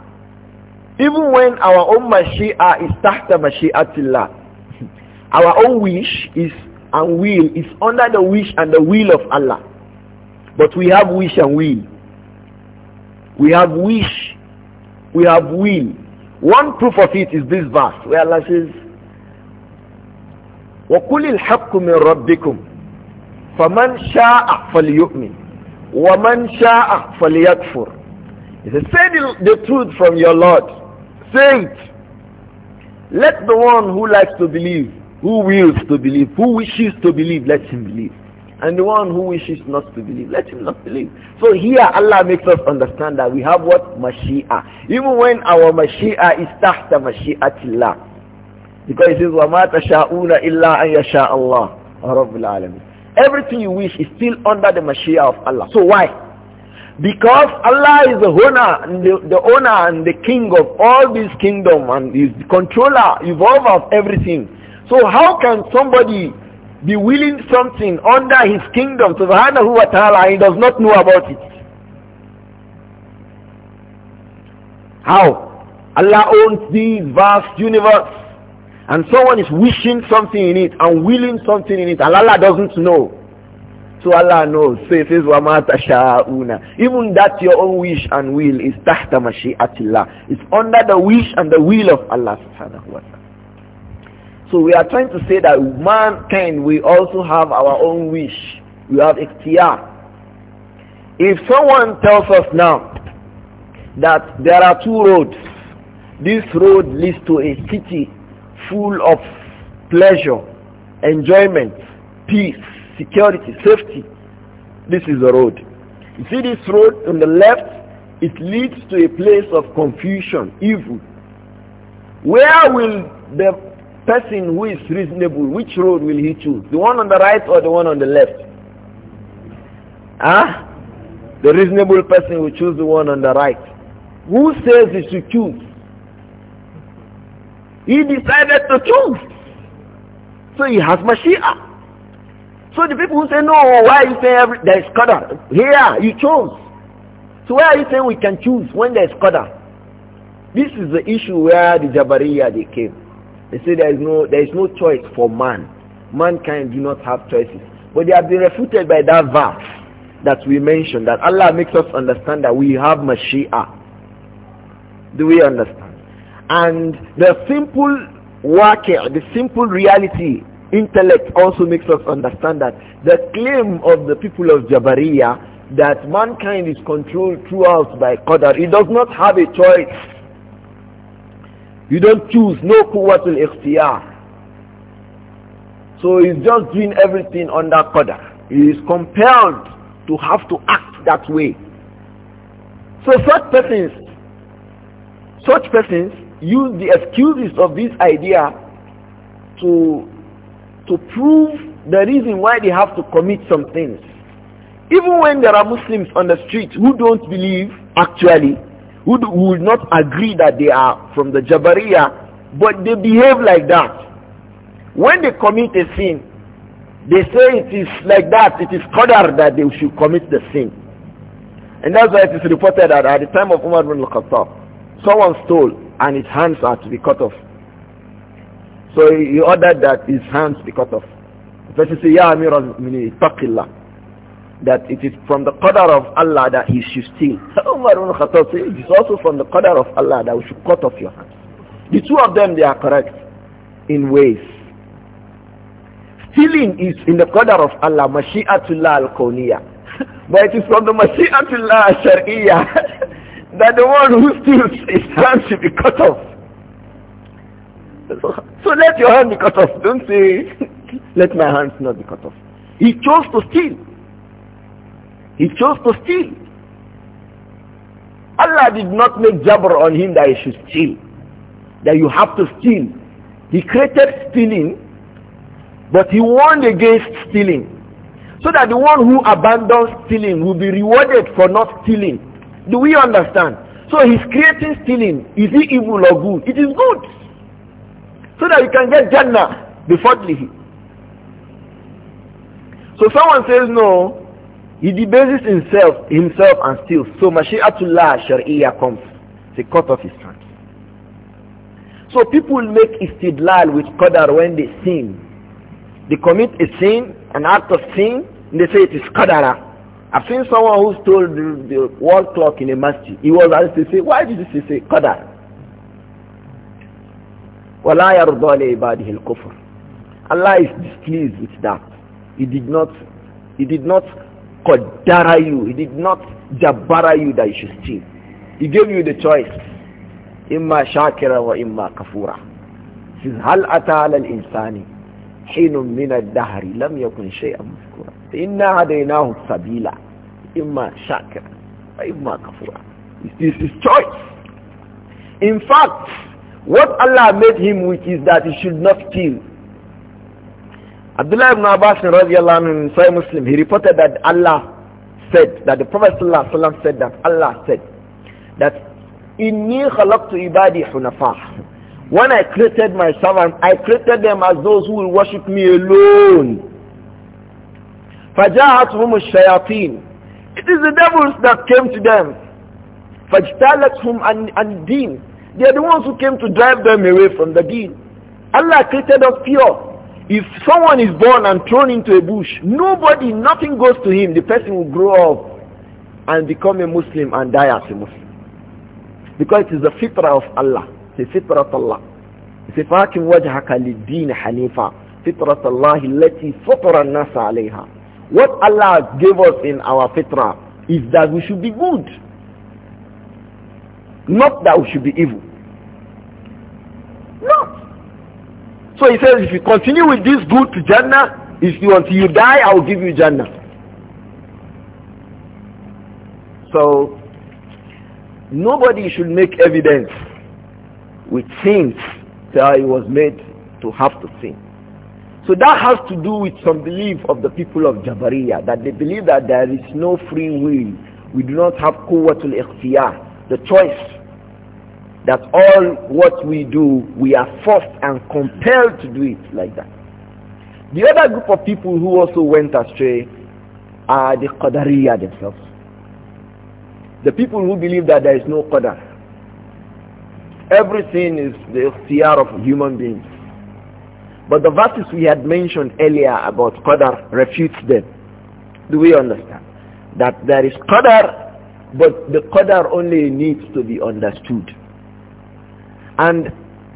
Speaker 2: Even when our own Mashiach is tahta Mashiatillah. Our own wish is and will is under the wish and the will of Allah. But we have wish and will. We have wish. We have will. One proof of it is this verse where Allah says, وَقُلِ الْحَقُّ مِنْ رَبِّكُمْ فَمَنْ شَاءَ فَلْيُؤْمِنْ وَمَنْ شَاءَ فَلْيَكْفُرْ He says, say the, the truth from your Lord. Say it. Let the one who likes to believe who wills to believe? Who wishes to believe? Let him believe. And the one who wishes not to believe, let him not believe. So here Allah makes us understand that we have what? Mashi'a. Even when our Mashi'a is tahta Mashi'atillah. Because it says, وَمَا تَشَاءُونَ إِلَّا أَن يَشَاءَ اللَّهُ رَبُّ الْعَالَمِينَ Everything you wish is still under the Mashi'a of Allah. So why? Because Allah is the owner, the, the owner and the king of all this kingdom and is the controller, evolver of everything. So how can somebody be willing something under his kingdom, subhanahu wa ta'ala, he does not know about it? How? Allah owns this vast universe and someone is wishing something in it and willing something in it and Allah doesn't know. So Allah knows. So he says, وَمَا تَشَاءُونَ Even that your own wish and will is تَحْتَ مَشِيئَةِ It's under the wish and the will of Allah subhanahu wa ta'ala. So we are trying to say that mankind, we also have our own wish. We have ikhtiyar. If someone tells us now that there are two roads, this road leads to a city full of pleasure, enjoyment, peace, security, safety, this is the road. You see this road on the left, it leads to a place of confusion, evil. Where will the person who is reasonable, which road will he choose? The one on the right or the one on the left? Ah, huh? The reasonable person will choose the one on the right. Who says he should choose? He decided to choose. So he has mashia. So the people who say, no, why are you saying every, there is Qadar? Here, you chose. So why are you saying we can choose when there is Qadar? This is the issue where the Jabariya they came. They say there is no there is no choice for man. Mankind do not have choices. But they have been refuted by that verse that we mentioned that Allah makes us understand that we have Mashiach. Do we understand? And the simple working, the simple reality, intellect also makes us understand that the claim of the people of Jabariya that mankind is controlled throughout by Qadar, it does not have a choice. You don't choose, no quwwatul ikhtiyar. So he's just doing everything under qadar. He is compelled to have to act that way. So such persons, such persons use the excuses of this idea to, to prove the reason why they have to commit some things. Even when there are Muslims on the street who don't believe, actually, who would not agree that they are from the Jabariya, but they behave like that. When they commit a sin, they say it is like that, it is qadar that they should commit the sin. And that's why it is reported that at the time of Umar ibn al-Khattab, someone stole and his hands are to be cut off. So he ordered that his hands be cut off. The person said, Ya Amir al-Mu'minin, that it is from the qadar of Allah that he should steal. [laughs] Umar ibn Khattab it is also from the qadar of Allah that we should cut off your hands. The two of them, they are correct in ways. Stealing is in the qadar of Allah, mashi'atullah al-kawniyah. [laughs] but it is from the mashi'atullah al shariyah [laughs] that the one who steals his hand should be cut off. So, so let your hand be cut off. Don't say, let my hands not be cut off. He chose to steal. He chose to steal. Allah did not make jabr on him that he should steal, that you have to steal. He created stealing, but he warned against stealing. So that the one who abandons stealing will be rewarded for not stealing. Do we understand? So he's creating stealing. Is it evil or good? It is good. So that you can get Jannah before leaving. So someone says, no, he debases himself, himself and steals. So Mashi'atullah Sharia comes. They cut off his hand. So people make istidlal with qadar when they sin. They commit a sin, an act of sin, and they say it is qadara. I've seen someone who stole the, the wall clock in a masjid. He was asked to say, why did you say qadar? وَلَا يَرْضَى لِعِبَادِهِ الْكُفْرِ Allah is displeased with that. He did not, he did not you. He did not jabara you that you should steal. He gave you the choice. Imma shakira wa imma kafura. Says, hal ata ala al-insani حين من الدهر لم يكن شيئا مذكورا إنا It's his choice. In fact, what Allah made him with is that he should not steal. Abdullah ibn Abbas radiallahu anhu in Sahih Muslim, he reported that Allah said, that the Prophet sallallahu said that Allah said, that Inni khalaqtu ibadi hunafah. When I created my servants, I created them as those who will worship me alone. فَجَاءَتْهُمُ الشَّيَاطِينَ It is the devils that came to them. فَاجْتَالَتْهُمْ and din, They are the ones who came to drive them away from the deen. Allah created us pure. If someone is born and thrown into a bush, nobody, nothing goes to him. The person will grow up and become a Muslim and die as a Muslim. Because it is the fitrah of Allah. It's a fitrah of Allah. It's a fakim wajhaka hanifa. Fitrah Allah allati fatara nasa 'alayha. What Allah gave us in our fitrah is that we should be good. Not that we should be evil. Not so he says, if you continue with this good to Jannah, if you until you die, I will give you Jannah. So nobody should make evidence with sins that he was made to have to sin. So that has to do with some belief of the people of Jabariya that they believe that there is no free will. We do not have kuwatul ikhtiyar, the choice that all what we do, we are forced and compelled to do it like that. The other group of people who also went astray are the Qadariya themselves. The people who believe that there is no Qadar. Everything is the fear of human beings. But the verses we had mentioned earlier about Qadar refutes them. Do we understand? That there is Qadar, but the Qadar only needs to be understood. And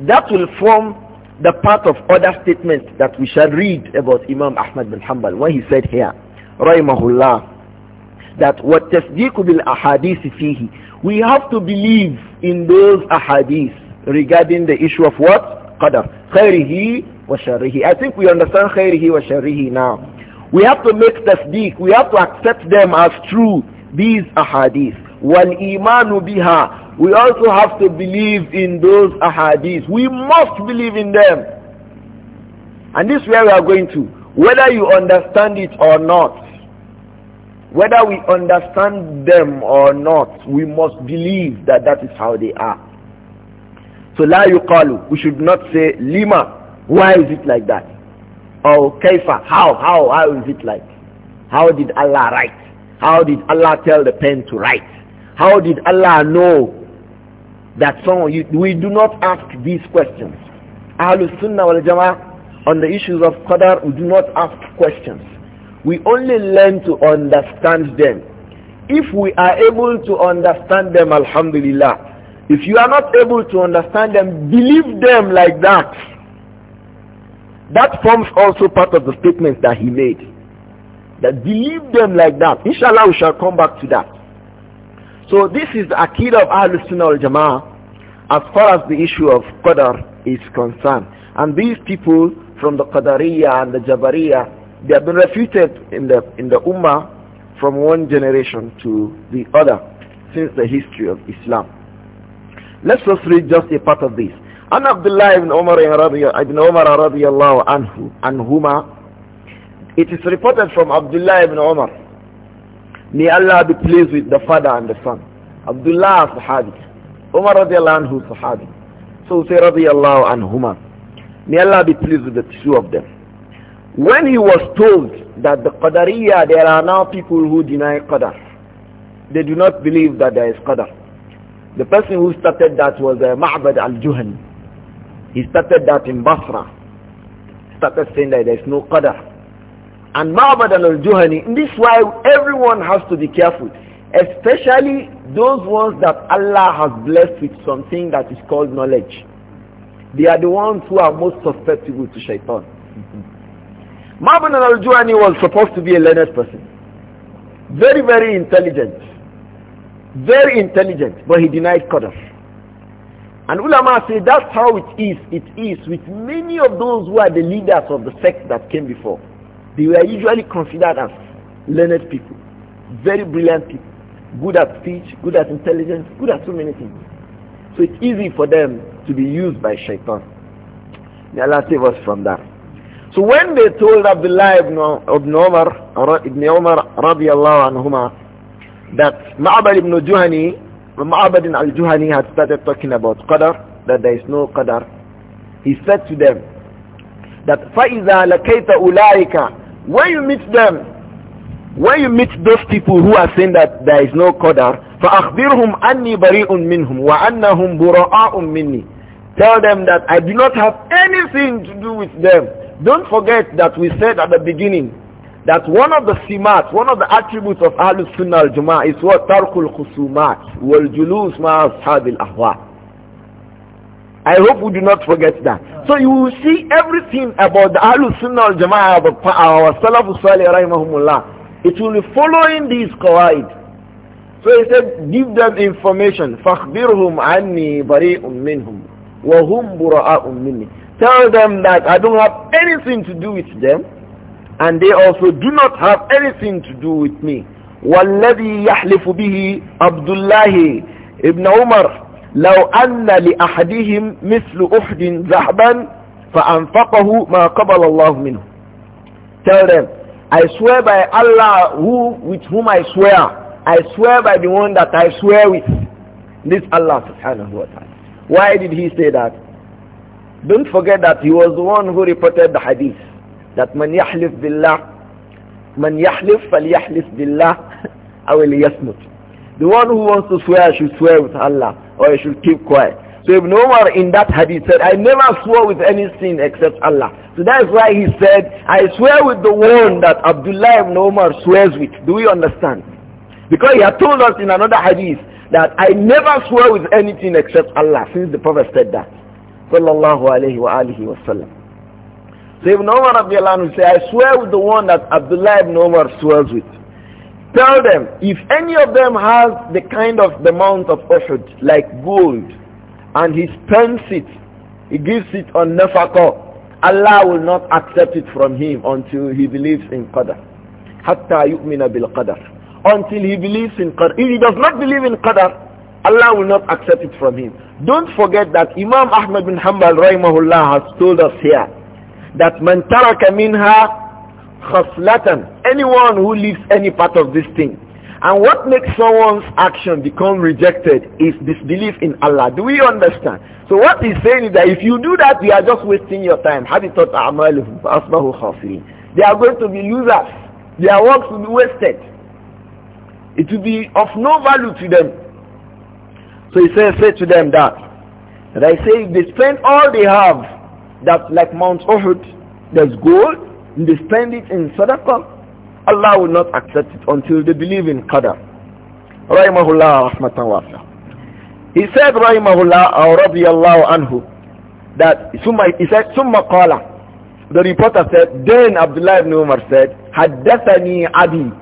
Speaker 2: that will form the part of other statements that we shall read about Imam Ahmad bin Hanbal when he said here, Rahimahullah, that what tasdeeq bil ahadith fihi, we have to believe in those ahadith regarding the issue of what? Qadar. Khairihi wa sharrihi. I think we understand khairihi wa sharrihi now. We have to make tasdeeq, we have to accept them as true, these ahadith. Wal imanu biha we also have to believe in those ahadith. We must believe in them. And this is where we are going to. Whether you understand it or not, whether we understand them or not, we must believe that that is how they are. So la yuqalu, we should not say lima, why is it like that? Or kaifa, how, how, how is it like? How did Allah write? How did Allah tell the pen to write? How did Allah know that someone, you, we do not ask these questions. Ahlul Sunnah wal Jama'ah, on the issues of Qadar, we do not ask questions. We only learn to understand them. If we are able to understand them, Alhamdulillah. If you are not able to understand them, believe them like that. That forms also part of the statement that he made. That believe them like that. Inshallah, we shall come back to that. So this is the akid of Ahlul Sunnah al-Jama'ah as far as the issue of Qadar is concerned. And these people from the Qadaria and the Jabariyah, they have been refuted in the, in the Ummah from one generation to the other since the history of Islam. Let's just read just a part of this. An Abdullah ibn Umar ibn Umar radiyallahu anhu, anhuma, it is reported from Abdullah ibn Umar May Allah be pleased with the father and the son. Abdullah Sahabi. Umar radiallahu anhu Sahabi. So say radiallahu anhuma. May Allah be pleased with the two of them. When he was told that the Qadariya, there are now people who deny Qadar. They do not believe that there is Qadar. The person who started that was uh, Ma'bad al-Juhani. He started that in Basra. Started saying that there is no Qadar and Muhammad al-Juhani. This is why everyone has to be careful, especially those ones that Allah has blessed with something that is called knowledge. They are the ones who are most susceptible to shaitan. Ma'bad al-Juhani was supposed to be a learned person. Very, very intelligent. Very intelligent, but he denied Qadr. And ulama say that's how it is. It is with many of those who are the leaders of the sect that came before. They were usually considered as learned people, very brilliant people, good at speech, good at intelligence, good at so many things. So it's easy for them to be used by shaitan. May Allah save us from that. So when they told Abdullah ibn, ibn Umar, ibn Umar radiallahu anhuma, that Ma'bad ibn Juhani, Ma'bad al-Juhani had started talking about Qadar, that there is no Qadar. He said to them, that فَإِذَا لَكَيْتَ أُولَٰئِكَ when you meet them, when you meet those people who are saying that there is no qadar, فَأَخْبِرْهُمْ أَنِّي بَرِيءٌ مِّنْهُمْ وَأَنَّهُمْ بُرَآءٌ مِّنِّي Tell them that I do not have anything to do with them. Don't forget that we said at the beginning that one of the simat, one of the attributes of Ahlul Sunnah al is what? تَرْكُ الْخُصُومَاتِ وَالْجُلُوسِ ما أَصْحَابِ الْأَهْوَاءِ I hope we do not forget that. So you will see everything about the Ahlul Sunnah al-Jama'ah, our Salafus Salih rahimahumullah. It will be following these qawaid. So he said, give them information. فَخْبِرْهُمْ عَنِّي بَرِيءٌ مِّنْهُمْ وَهُمْ بُرَآءٌ مِّنِّي Tell them that I don't have anything to do with them and they also do not have anything to do with me. وَالَّذِي يَحْلِفُ بِهِ عَبْدُ اللَّهِ ibn Umar لو أن لأحدهم مثل أحد ذهبا فأنفقه ما قبل الله منه Tell them, I swear by Allah who, with whom I swear. I swear by the one that I swear with. This Allah subhanahu wa ta'ala. Why did he say that? Don't forget that he was the one who reported the hadith. That man yahlif billah, man yahlif fal yahlif billah, [laughs] awil the one who wants to swear should swear with Allah or he should keep quiet. So Ibn Umar in that hadith said, I never swore with any sin except Allah. So that's why he said, I swear with the one that Abdullah ibn Umar swears with. Do we understand? Because he had told us in another hadith that I never swear with anything except Allah since the Prophet said that. Sallallahu alayhi wa alihi wa sallam. So Ibn Umar said, I swear with the one that Abdullah ibn Umar swears with. Tell them, if any of them has the kind of the mount of Uhud, like gold, and he spends it, he gives it on nafaqah, Allah will not accept it from him until he believes in qadar. Hatta yu'mina bil qadar. Until he believes in qadar. If he does not believe in qadar, Allah will not accept it from him. Don't forget that Imam Ahmad bin Hanbal rahimahullah has told us here that man taraka minha khaslatan, anyone who leaves any part of this thing. And what makes someone's action become rejected is disbelief in Allah. Do we understand? So what he's saying is that if you do that, you are just wasting your time. They are going to be losers. Their works will be wasted. It will be of no value to them. So he says, say to them that. And I say, if they spend all they have, that like Mount Uhud, there's gold, they spend it in sadaqah, Allah will not accept it until they believe in qadar. Rahimahullah rahmatan wasa. He said rahimahullah or uh, radiyallahu anhu that he said summa qala. The reporter said then Abdullah ibn Umar said haddathani adi.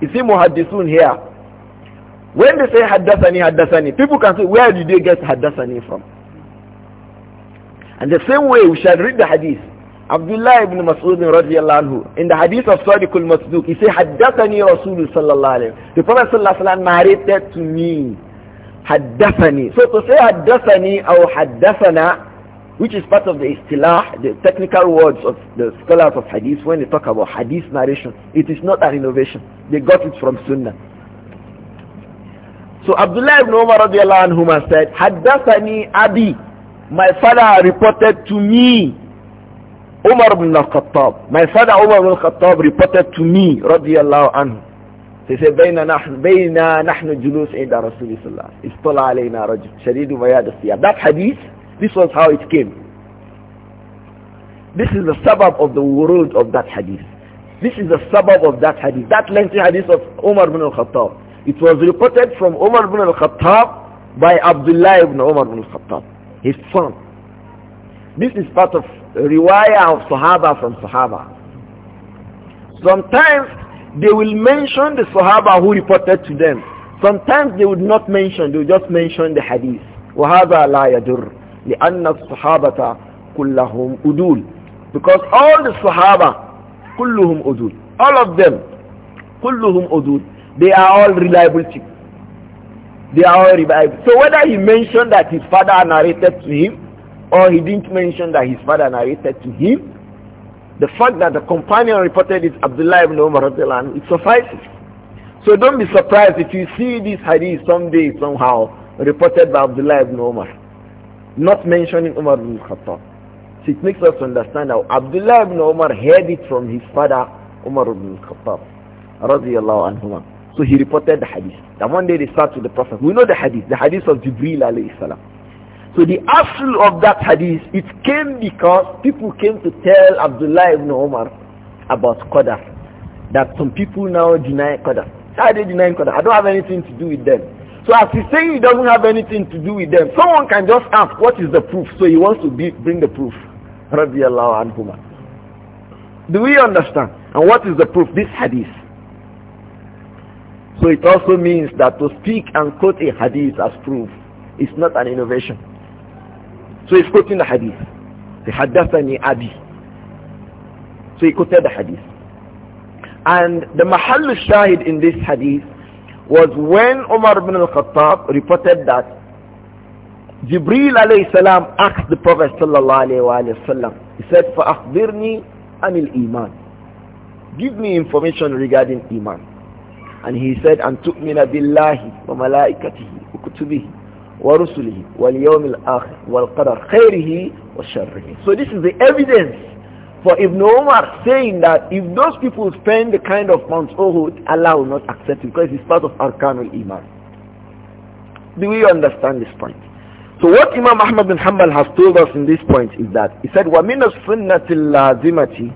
Speaker 2: You see muhaddithun here. When they say haddathani haddathani people can say where did they get haddathani from? And the same way we shall read the hadith Abdullah ibn Mas'ud radiallahu anhu, in the hadith of Sadiq al-Masduq, he said, Haddathani Rasul sallallahu alayhi wa The Prophet sallallahu alayhi Wasallam narrated to me, Haddathani. So to say Haddathani or Haddathana, which is part of the istilah, the technical words of the scholars of hadith when they talk about hadith narration, it is not an innovation. They got it from sunnah. So Abdullah ibn Umar radiallahu anhu said, Haddathani Abi, my father reported to me Umar ibn al-Khattab, my father Umar ibn al-Khattab reported to me, radiyallahu anhu. He said, بَيْنَا نَحْنُ, بينا نحن جُلُوسِ عِنْدَ رَسُولِ صلى الله عليه وسلم علينا رجل شديد بياد الثياب. That hadith, this was how it came. This is the suburb of the world of that hadith. This is the suburb of that hadith. That lengthy hadith of Umar ibn al-Khattab. It was reported from Umar ibn al-Khattab by Abdullah ibn Umar ibn al-Khattab, his son. This is part of riwayah of Sahaba from Sahaba. Sometimes they will mention the Sahaba who reported to them. Sometimes they would not mention, they would just mention the hadith. وَهَذَا لَا يَدُرُّ لأن الصحابة كلهم أدول because all the Sahaba كلهم أدول all of them كلهم أدول they are all reliable people they are all reliable so whether he mentioned that his father narrated to him or he didn't mention that his father narrated to him, the fact that the companion reported is Abdullah ibn Umar it suffices. So don't be surprised if you see this hadith someday somehow reported by Abdullah ibn Umar, not mentioning Umar ibn Khattab. So it makes us understand how Abdullah ibn Umar heard it from his father Umar ibn Khattab radiallahu anhu. So he reported the hadith. That one day they start with the Prophet. We know the hadith, the hadith of Jibril alayhi salam. So the asl of that hadith, it came because people came to tell Abdullah ibn Omar about Qadar. That some people now deny Qadar. How are they denying Qadar? I don't have anything to do with them. So as he's saying he doesn't have anything to do with them, someone can just ask, what is the proof? So he wants to be, bring the proof. Radiallahu anhuma. Do we understand? And what is the proof? This hadith. So it also means that to speak and quote a hadith as proof is not an innovation. So he's quoting the hadith. The haddathani abi. So he quoted the hadith. And the mahal shahid in this hadith was when Umar ibn al-Khattab reported that Jibril alayhi salam asked the Prophet sallallahu alayhi wasallam. He said, فَأَخْبِرْنِي anil iman. Give me information regarding iman. And he said, أَن تُؤْمِنَ بِاللَّهِ وَمَلَائِكَتِهِ وَكُتُبِهِ ورسله واليوم الآخر والقدر خيره وشره So this is the evidence for Ibn Umar saying that if those people spend the kind of Mount Uhud, Allah will not accept it because it's part of Arkanul Iman. Do we understand this point? So what Imam Ahmad bin Hanbal has told us in this point is that he said, وَمِنَ السُنَّةِ اللَّازِمَةِ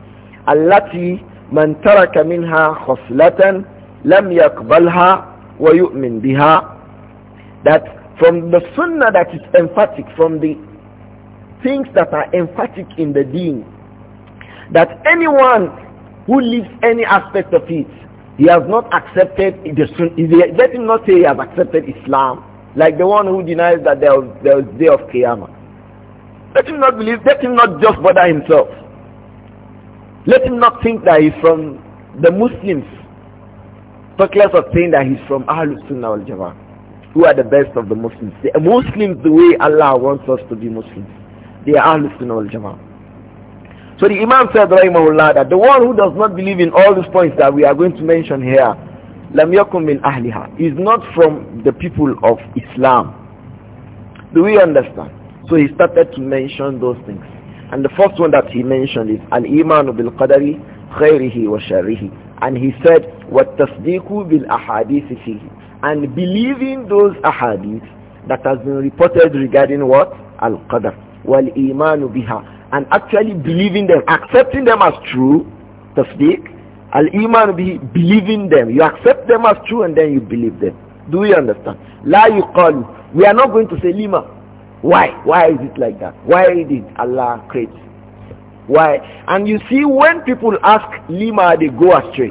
Speaker 2: الَّتِي مَنْ تَرَكَ مِنْهَا خَصْلَةً لَمْ يَقْبَلْهَا وَيُؤْمِنْ بِهَا That from the sunnah that is emphatic, from the things that are emphatic in the deen, that anyone who leaves any aspect of it, he has not accepted the sunnah. Let him not say he has accepted Islam, like the one who denies that there was, there was day of Qiyamah. Let him not believe, let him not just bother himself. Let him not think that he's from the Muslims. Talk less of saying that he's from Ahlul Sunnah wal Jama'ah who are the best of the Muslims. Muslims the way Allah wants us to be Muslims. They are Ahlul Sunnah wal Jama'ah. So the Imam said, Rahimahullah, that the one who does not believe in all these points that we are going to mention here, Lam yakum min is not from the people of Islam. Do we understand? So he started to mention those things. And the first one that he mentioned is Al-Iman al Qadari, Khairihi wa Sharihi. And he said, What tasdiqu bil ahadithi and believing those ahadith that has been reported regarding what? Al-Qadr. Wal-Imanu biha. And actually believing them, accepting them as true, speak Al-Iman be believing them. You accept them as true and then you believe them. Do we understand? La yuqalu. We are not going to say lima. Why? Why is it like that? Why did Allah create? Why? And you see when people ask lima, they go astray.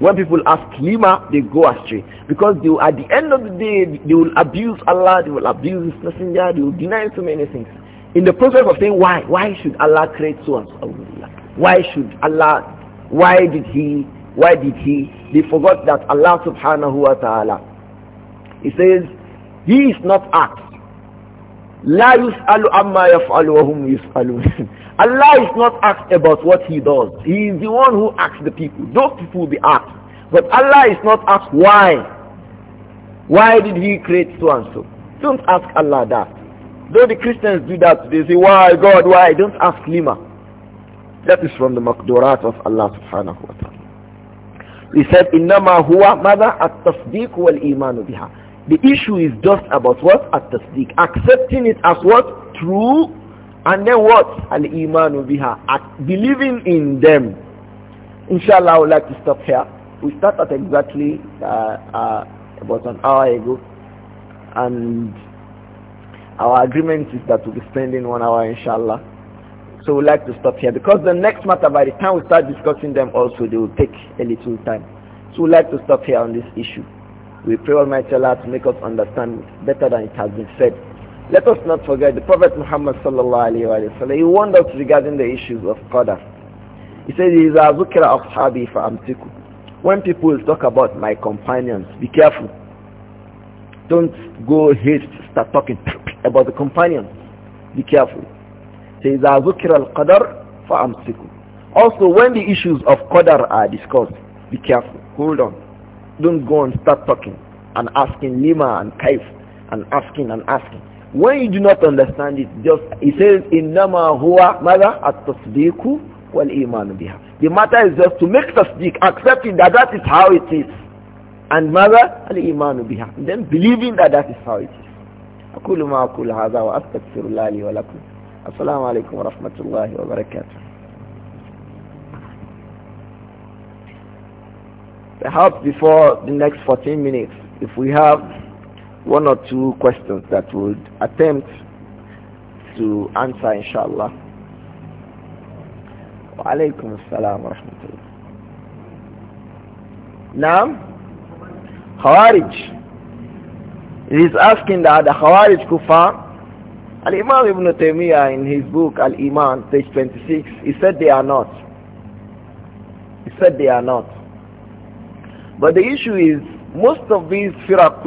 Speaker 2: When people ask lima, they go astray. Because they, at the end of the day, they will abuse Allah, they will abuse His Messenger, they will deny so many things. In the process of saying why, why should Allah create so and so? Why should Allah, why did He, why did He? They forgot that Allah subhanahu wa ta'ala, He says, He is not asked La yus'alu amma yaf'alu wa hum yus'alun. [laughs] Allah is not asked about what he does. He is the one who asks the people. Those people will be asked. But Allah is not asked why. Why did he create so and so? Don't ask Allah that. Though the Christians do that, they say, why God, why? Don't ask Lima. That is from the Maqdurat of Allah subhanahu wa ta'ala. He said, إِنَّمَا هُوَ مَذَا التَّصْدِيقُ وَالْإِيمَانُ بِهَا the issue is just about what? at the stick, Accepting it as what? True. And then what? Al-imanu biha. Believing in them. Inshallah, I would like to stop here. We started exactly uh, uh, about an hour ago. And our agreement is that we'll be spending one hour, inshallah. So we'd like to stop here because the next matter, by the time we start discussing them also, they will take a little time. So we'd like to stop here on this issue. We pray Almighty Allah to make us understand better than it has been said. Let us not forget the Prophet Muhammad sallallahu alayhi wa sallam, he warned us regarding the issues of qadar. He says, of ذُكِرَ for فَأَمْتِكُ When people talk about my companions, be careful. Don't go to start talking [laughs] about the companions. Be careful. He says, al ذُكِرَ for فَأَمْتِكُ Also, when the issues of qadar are discussed, be careful. Hold on. Don't go and start talking and asking lima and kaif and asking and asking. When you do not understand it, just he says innama huwa mada at-tasdiqu wal iman biha. The matter is just to make tasdiq, accepting that that is how it is. And mother al iman biha. Then believing that that
Speaker 1: is how it is. أقول ما أقول هذا وأستغفر الله لي ولكم السلام عليكم ورحمة الله وبركاته
Speaker 2: Perhaps before the next 14 minutes, if we have one or two questions that would attempt to answer inshallah. Wa alaikum assalam wa rahmatullah. Now, Khawarij. is asking that the Khawarij Kufa, Al-Imam Ibn Taymiyyah in his book Al-Iman, page 26, he said they are not. He said they are not. But the issue is, most of these firaq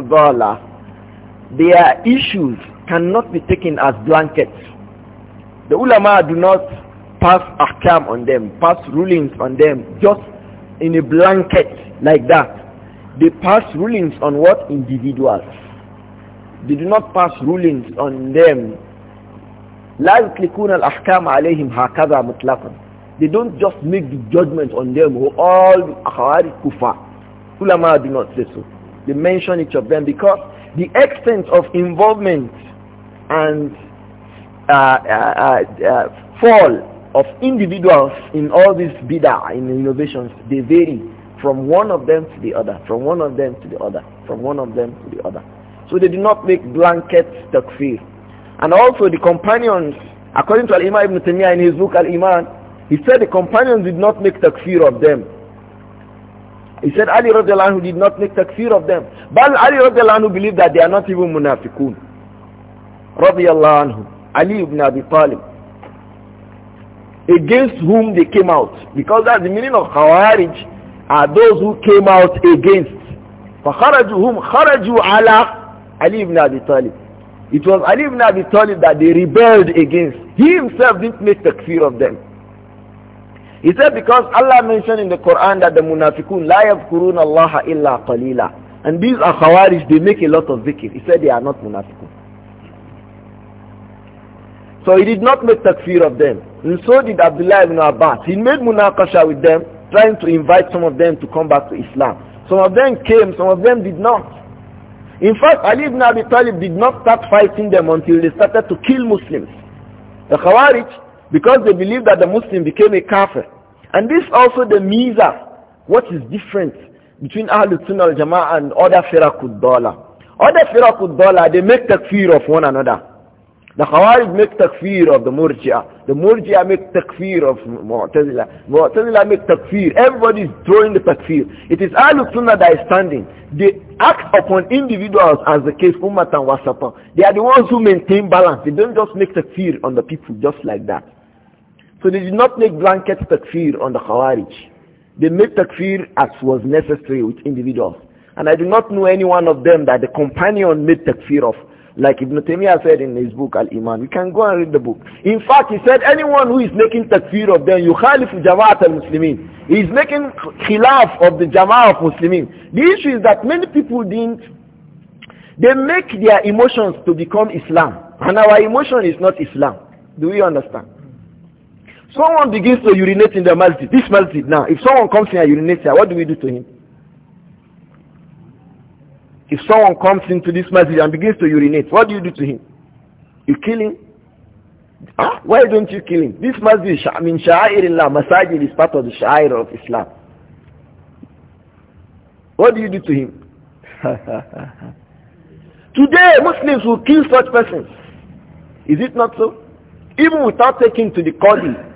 Speaker 2: their issues cannot be taken as blankets. The ulama do not pass ahkam on them, pass rulings on them, just in a blanket like that. They pass rulings on what? Individuals. They do not pass rulings on them. لا يطلقون الأحكام عليهم هكذا مطلقا. They don't just make the judgment on them, who all the Khawarij Kufa. Ulama do not say so. They mention each of them because the extent of involvement and uh, uh, uh, uh, fall of individuals in all these bid'ah in innovations, they vary from one of them to the other, from one of them to the other, from one of them to the other. So they do not make blanket takfir. And also the companions, according to Al-Imam Ibn Taymiyyah in his book Al-Iman, he said the companions did not make takfir of them. He said Ali radiallahu did not make takfir of them. But Ali radiallahu believed that they are not even munafiqun. Radiallahu anhu. Ali ibn Abi Talib. Against whom they came out. Because that's the meaning of Khawarij are those who came out against. فَخَرَجُهُمْ خَرَجُوا عَلَىٰ Ali ibn Abi Talib. It was Ali ibn Abi Talib that they rebelled against. He himself didn't make takfir of them. He said because Allah mentioned in the Quran that the munafiqun la yadhkuruna Allah illa qalila. And these are khawarij, they make a lot of zikr. He said they are not munafiqun. So he did not make takfir of them. And so did Abdullah ibn Abbas. He made munaqasha with them, trying to invite some of them to come back to Islam. Some of them came, some of them did not. In fact, Ali ibn Abi Talib did not start fighting them until they started to kill Muslims. The Khawarij, because they believed that the Muslim became a kafir, and this also the Miza. What is different between Ahlul Sunnah al-Jama'ah and other Firakul Dala? Other Firakul Dala, they make takfir of one another. The Khawarij make takfir of the Murji'ah. The Murji'ah make takfir of Mu'tazila. Mu'tazila make takfir. Everybody is throwing the takfir. It is Ahlul Sunnah that is standing. They act upon individuals as the case Ummah and Wasatan. They are the ones who maintain balance. They don't just make takfir on the people just like that. So they did not make blanket takfir on the Khawarij. They made takfir as was necessary with individuals. And I do not know any one of them that the companion made takfir of. Like Ibn Taymiyyah said in his book Al-Iman. You can go and read the book. In fact, he said anyone who is making takfir of them, Jamaat جماعة المسلمين. He is making khilaf of the Jamaat of Muslimin. The issue is that many people didn't, they make their emotions to become Islam. And our emotion is not Islam. Do we understand? Someone begins to urinate in the masjid, this masjid now, if someone comes in and urinates here, what do we do to him? If someone comes into this masjid and begins to urinate, what do you do to him? You kill him? Huh? Ah, why don't you kill him? This masjid, I mean, Sha'airillah, masajid is part of the Sha'air of Islam. What do you do to him? [laughs] Today, Muslims will kill such persons. Is it not so? Even without taking to the Qadi,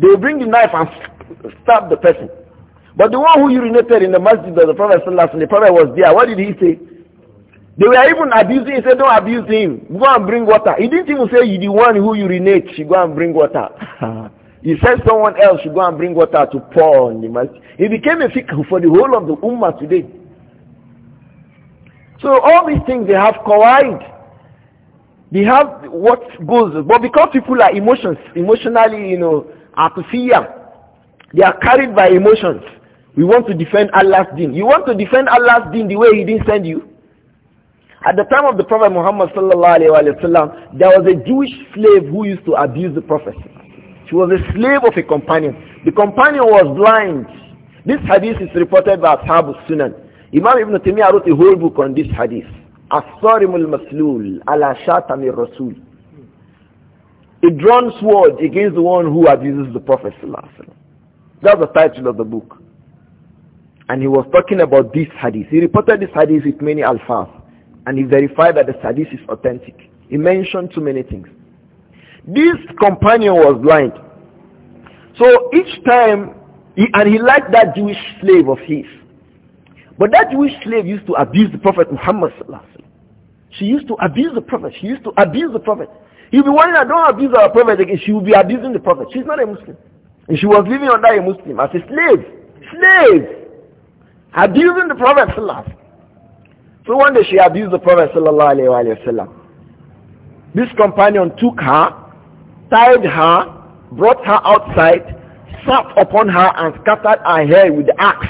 Speaker 2: they bring the knife and stab the person. But the one who urinated in the masjid of the Prophet Sallallahu the Prophet was there. What did he say? They were even abusing him. He said, don't abuse him. Go and bring water. He didn't even say, you the one who urinates should go and bring water. [laughs] he said someone else should go and bring water to pour on the masjid. He became a fiqh for the whole of the ummah today. So all these things, they have collided. They have what goes, but because people are emotions, emotionally, you know, fear. They are carried by emotions. We want to defend Allah's deen. You want to defend Allah's deen the way he didn't send you? At the time of the Prophet Muhammad sallallahu wasallam, there was a Jewish slave who used to abuse the Prophet. She was a slave of a companion. The companion was blind. This hadith is reported by Ashab sunan Imam Ibn Taymiyyah wrote a whole book on this hadith. As-Sarimul Maslul ala Shatamir Rasul a drawn sword against the one who abuses the Prophet. That's the title of the book. And he was talking about this hadith. He reported this hadith with many alfas. And he verified that the hadith is authentic. He mentioned too many things. This companion was blind. So each time, he, and he liked that Jewish slave of his. But that Jewish slave used to abuse the Prophet Muhammad. She used to abuse the Prophet. She used to abuse the Prophet. You'll be worried, I don't abuse our prophet again. She will be abusing the prophet. She's not a Muslim. And she was living under a Muslim as a slave. Slave! Abusing the prophet. So one day she abused the prophet. This companion took her, tied her, brought her outside, sat upon her and scattered her hair with the axe.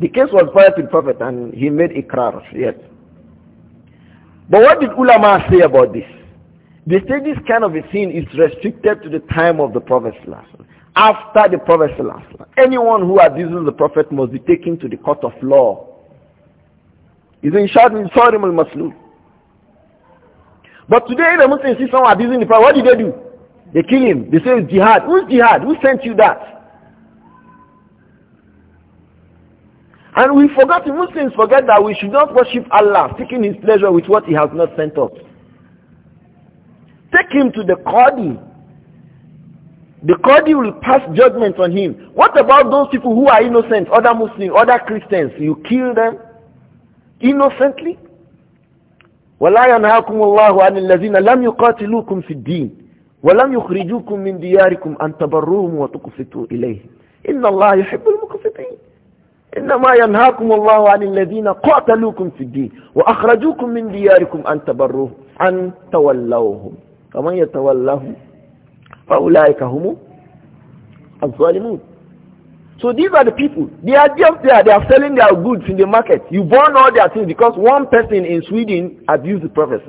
Speaker 2: The case was brought to the prophet and he made a crash. yes. But what did ulama say about this? They say this kind of a sin is restricted to the time of the Prophet After the Prophet anyone who abuses the Prophet must be taken to the court of law. Is in sorry, Muslim. But today the Muslims see someone abusing the Prophet. What did they do? They kill him. They say it's jihad. Who's jihad? Who sent you that? And we forgot, Muslims forget that we should not worship Allah, seeking His pleasure with what He has not sent us. Take him to the Qadi. The Qadi will pass judgment on him. What about those people who are innocent, other Muslims, other Christians? You kill them innocently? ولا ينهاكم الله عن الذين لم يقاتلوكم في الدين ولم يخرجوكم من دياركم أن تبروهم وتقسطوا إليهم إن الله يحب المقسطين إنما ينهاكم الله عن الذين قاتلوكم في الدين وأخرجوكم من دياركم أن تبروه أن تولوهم فمن يتولهم فأولئك هم الظالمون So these are the people. They are just there. They are selling their goods in the market. You burn all their things because one person in Sweden abused the Prophet.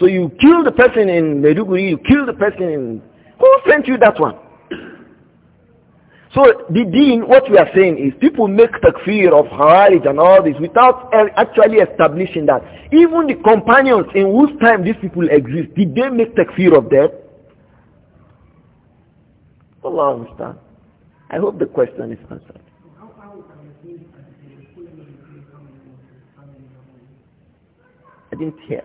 Speaker 2: So you kill the person in Maiduguri. You kill the person in... Who sent you that one? So the deen, what we are saying is people make takfir of Khawarij and all this without actually establishing that. Even the companions in whose time these people exist, did they make takfir of them? Allah understand.
Speaker 1: I hope the question is answered. I didn't hear.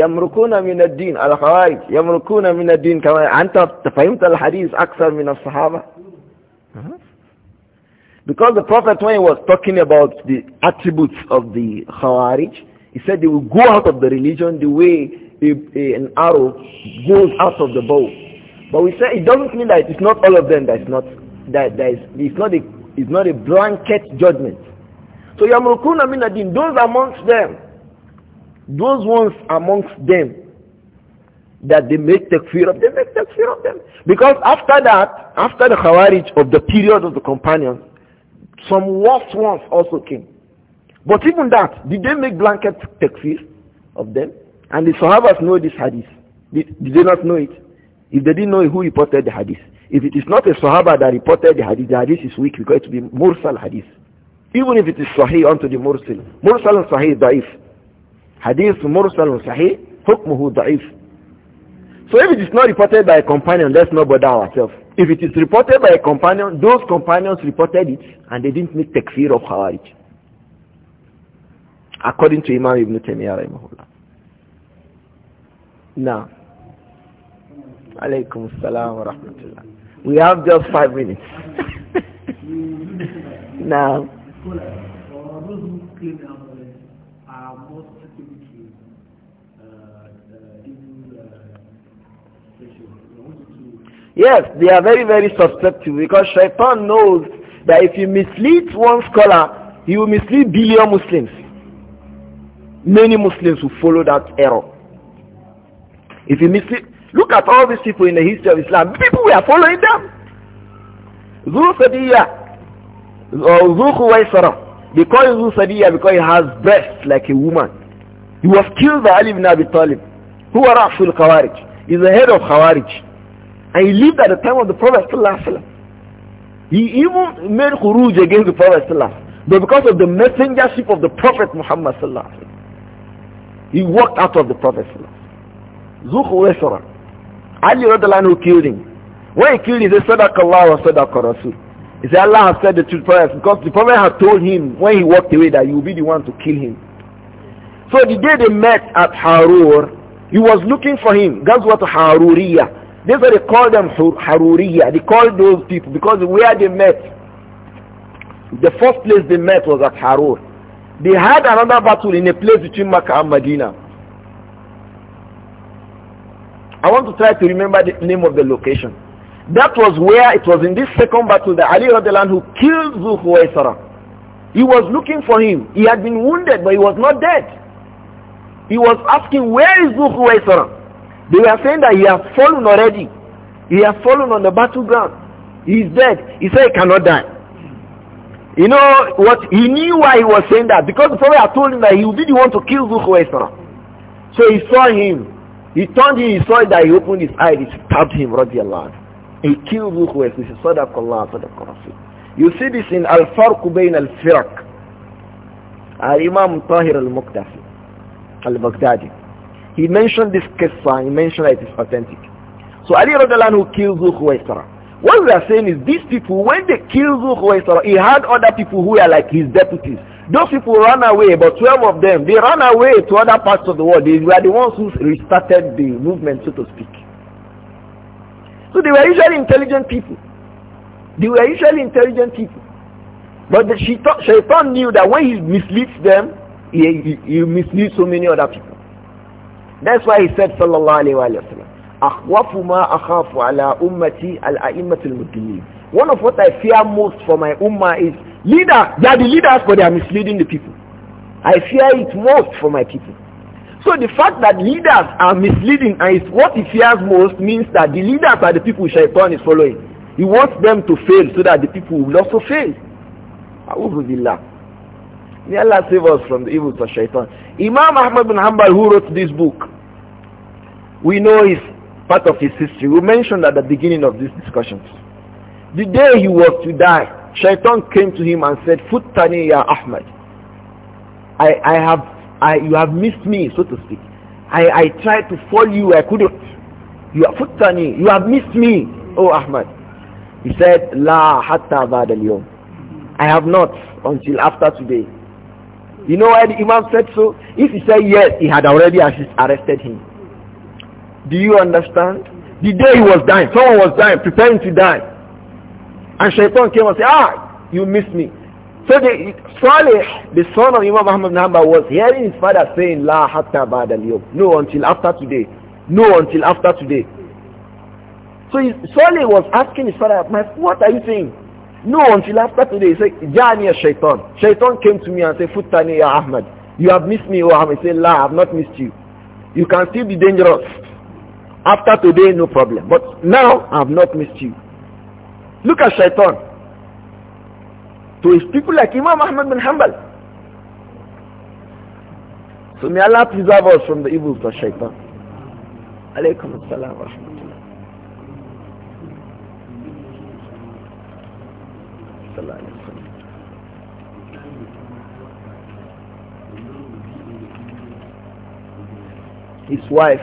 Speaker 2: يمرقون من الدين الخوارج يمرقون من الدين كما أنت فهمت الحديث أكثر من الصحابة Because the Prophet when he was talking about the attributes of the Khawarij, he said they will go out of the religion the way a, a, an arrow goes out of the bow. But we say it doesn't mean that it's not all of them that is not that that is it's not a it's not a blanket judgment. So Yamrukuna Minadin, those amongst them those ones amongst them that they make takfir of, they make takfir of them. Because after that, after the Khawarij of the period of the companions, some worse ones also came. But even that, did they make blanket takfir of them? And the Sahabas know this hadith. Did, did they not know it? If they didn't know it, who reported the hadith? If it is not a Sahaba that reported the hadith, the hadith is weak because it will be Mursal hadith. Even if it is Sahih unto the Mursal. Mursal and Sahih is da'if hadith mursal sahih hukmuhu da'if so if it is not reported by a companion let's not bother ourselves if it is reported by a companion those companions reported it and they didn't make takfir of khawarij according to imam ibn taymiyyah rahimahullah now alaykum assalam wa rahmatullah we have just 5 minutes [laughs] now Yes, they are very, very susceptible because shaitan knows that if you mislead one scholar, he will mislead billion Muslims. Many Muslims will follow that error. If you mislead, look at all these people in the history of Islam. People were following them. Zul Sadiyya, Zul Khuwaisara, they call him Zul because he has breasts like a woman. He was killed by Ali ibn Abi Talib, who was Ra'ful Khawarij. He's the head of Khawarij. And he lived at the time of the Prophet He even made khuruj against the Prophet But because of the messengership of the Prophet Muhammad he walked out of the Prophet Zuhu Ali who killed him. When he killed him, he said, Allah wa Sadaqa Rasul. He said, Allah has said the truth prophet because the prophet had told him when he walked away that you will be the one to kill him. So the day they met at Harur, he was looking for him. That's what Haruriya. That's why they call them Haruriya. They call those people because where they met, the first place they met was at Harur. They had another battle in a place between Makkah and Medina. I want to try to remember the name of the location. That was where it was in this second battle that Ali Radilan who killed Zulhuwaisara. He was looking for him. He had been wounded but he was not dead. He was asking, where is Zulhuwaisara? They were saying that he has fallen already. He has fallen on the battleground. He is dead. He said he cannot die. You know what? He knew why he was saying that because the prophet had told him that he didn't want to kill Zulkhuwaisara. So he saw him. He turned him. He saw that he opened his eyes. He stabbed him. Radiallahu. He killed Zulkhuwaisara. He said, Sadaqallah, Sadaqallah. You see this in Al-Farq Bain al firak Al-Imam Tahir Al-Muqtafi. Al-Baghdadi. He mentioned this qissa, he mentioned that it is authentic. So Ali radiallahu who killed Zu What we are saying is these people, when they killed Zu he had other people who were like his deputies. Those people ran away, about 12 of them, they ran away to other parts of the world. They were the ones who restarted the movement, so to speak. So they were usually intelligent people. They were usually intelligent people. But the shaitan, shaitan knew that when he misleads them, he, he, he misleads so many other people. That's why he said sallallahu alayhi wa sallam, أَخْوَفُ مَا أَخَافُ عَلَىٰ أُمَّتِي الْأَئِمَّةِ الْمُدِّنِينَ One of what I fear most for my ummah is leader. They are the leaders but they are misleading the people. I fear it most for my people. So the fact that leaders are misleading and it's what he fears most means that the leaders are the people Shaitan is following. He wants them to fail so that the people will also fail. May Allah save us from the evils of Shaitan. Imam Ahmad bin Hanbal who wrote this book, we know is part of his history. We mentioned at the beginning of these discussions. The day he was to die, Shaitan came to him and said, Futtani ya Ahmad. I, I have, I, you have missed me, so to speak. I, I tried to follow you, I couldn't. You are Futtani, you have missed me, O oh Ahmad. He said, La hatta ba al I have not until after today. You know why the Imam said so? If he said yes, he had already arrested him. Do you understand? The day he was dying, someone was dying, preparing to die. And Shaitan came and said, ah, you missed me. So the, the son of Imam Muhammad ibn Hanbal, was hearing his father saying, La hatta ba'da No, until after today. No, until after today. So his, Saleh was asking his father, what are you saying? No, until after today. He said, Jani shaitan. Shaitan came to me and said, "Futaniya ya Ahmad. You have missed me, O Ahmad. He said, La, I have not missed you. You can still be dangerous. After today, no problem. But now, I have not missed you. Look at shaitan. To his people like Imam Ahmad bin Hanbal. So may Allah preserve us from the evils of shaitan.
Speaker 1: Alaykum as-salam wa rahmatullah.
Speaker 2: His wife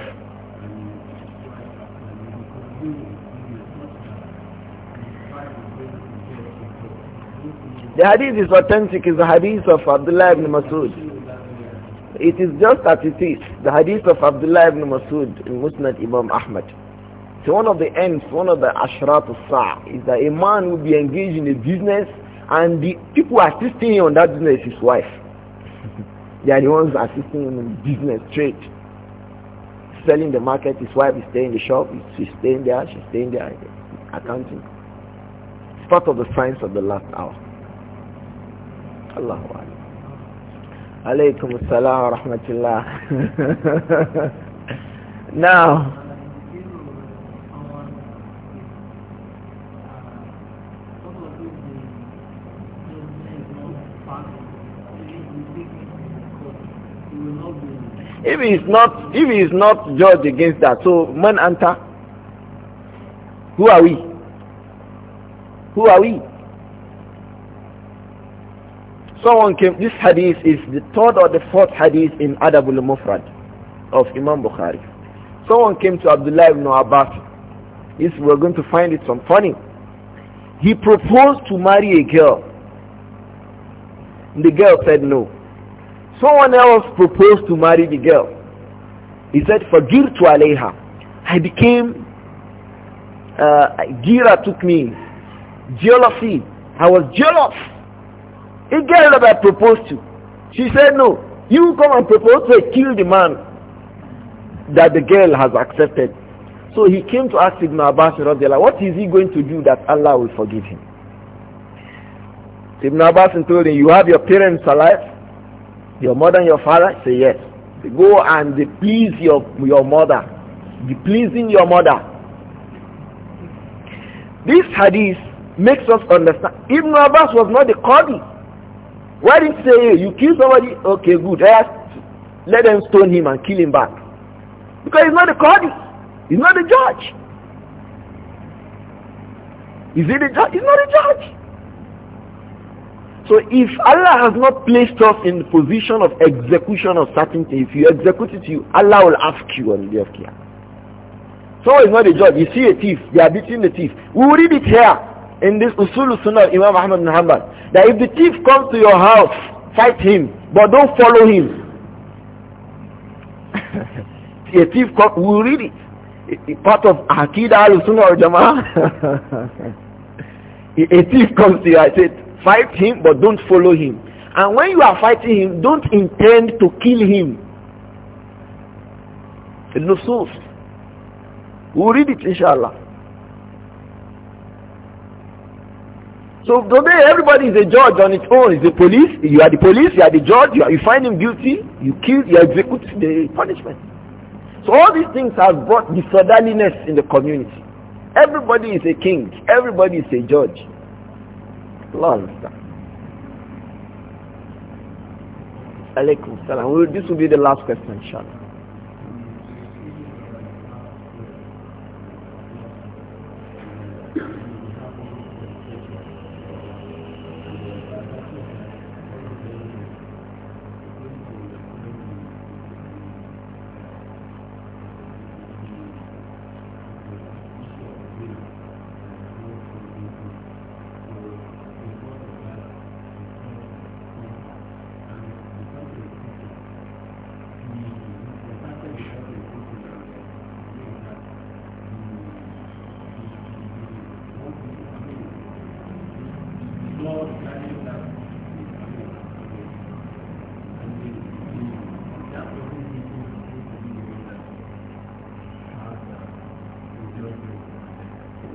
Speaker 2: the hadith is authentic, it's the hadith of Abdullah ibn Masud. It is just as it is, the hadith of Abdullah ibn Masud in Musnad Imam Ahmad. So one of the ends, one of the ashrat al-sa' is that a man will be engaged in a business and the people assisting him on that business is his wife. [laughs] they are the ones assisting him in business, trade selling the market, his wife is staying in the shop, she's staying there, she's staying there, accounting. It's part of the science of the last hour.
Speaker 1: Allahu Akbar. Alaykum as-salam wa
Speaker 3: rahmatullah. [laughs] now, If
Speaker 1: he
Speaker 2: is not, if he is not judged against that, so man enter. who are we? Who are we? Someone came, this hadith is the third or the fourth hadith in Adabul Mufrad of Imam Bukhari. Someone came to Abdullah ibn Abbas. Yes, we're going to find it some funny. He proposed to marry a girl. The girl said no. Someone else proposed to marry the girl. He said, "Forgive alayha. I became, uh, gira took me. Jealousy. I was jealous. A girl that I proposed to. She said, no, you come and propose to kill the man that the girl has accepted. So he came to ask Ibn Abbas, what is he going to do that Allah will forgive him? Ibn Abbas told him, you have your parents alive, your mother and your father? Say yes. Say, Go and please your, your mother. Be pleasing your mother. This hadith makes us understand. Ibn Abbas was not the Qadi. Why did he say, you kill somebody? Okay, good. Let them stone him and kill him back. Because he's not the Qadi. He's not the judge. Is he the judge? He's not the judge. So if Allah has not placed us in the position of execution of certain things, if you execute it, you, Allah will ask you on the day of Qiyamah. So it's not a job. You see a thief, they are beating the thief. We will read it here in this Usul Sunnah Imam Ahmad bin that if the thief comes to your house, fight him, but don't follow him. [laughs] a thief comes, we will read it. Part of Aqidah al-Sunnah
Speaker 3: al-Jama'ah.
Speaker 2: [laughs] a thief comes to you, I said, Fight him, but don't follow him. And when you are fighting him, don't intend to kill him. source We'll read it, inshallah. So today everybody is a judge on its own. Is the police, you are the police, you are the judge, you, are, you find him guilty, you kill, you execute the punishment. So all these things have brought disorderliness in the community. Everybody is a king, everybody is a judge. Allah understand. Alaikum salam. This will be the last question, inshallah.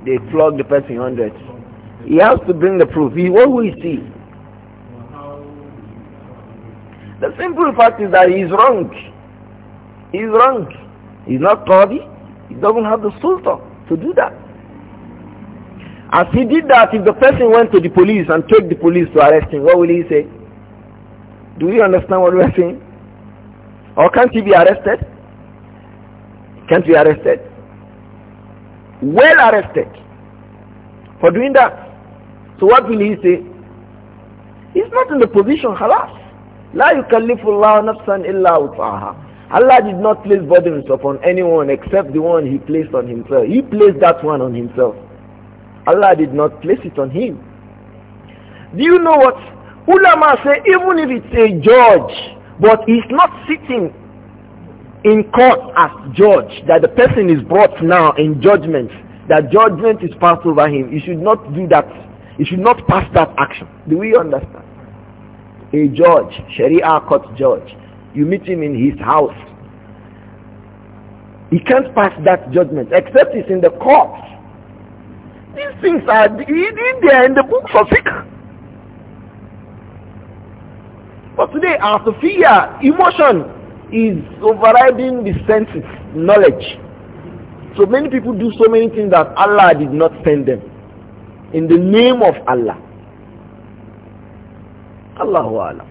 Speaker 2: they flog the person 100. He has to bring the proof. He, what will he see? The simple fact is that he's wrong. He's wrong. He's not Qadi. He doesn't have the sultan to do that. As he did that, if the person went to the police and took the police to arrest him, what will he say? Do you understand what we are saying? Or can't he be arrested? Can't be arrested? well arrested for doing that. So what will he say? He's not in the position, halas. La yukallifullahu nafsan illa ut'aha. Allah did not place burdens upon anyone except the one he placed on himself. He placed that one on himself. Allah did not place it on him. Do you know what? Ulama say even if it's a judge, but he's not sitting in court as judge that the person is brought now in judgment that judgment is passed over him you should not do that you should not pass that action do we understand a judge sharia court judge you meet him in his house he can't pass that judgment except it's in the court these things are in there in the books of fiqh but today our fear emotion is overriding the senses, knowledge. So many people do so many things that Allah did not send them. In the name of Allah.
Speaker 1: الله أعلم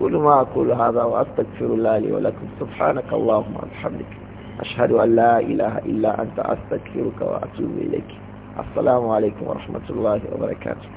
Speaker 1: كل ما أقول هذا وأستغفر الله لي ولكم سبحانك اللهم وبحمدك أشهد أن لا إله إلا أنت أستغفرك وأتوب إليك
Speaker 2: السلام عليكم ورحمة الله وبركاته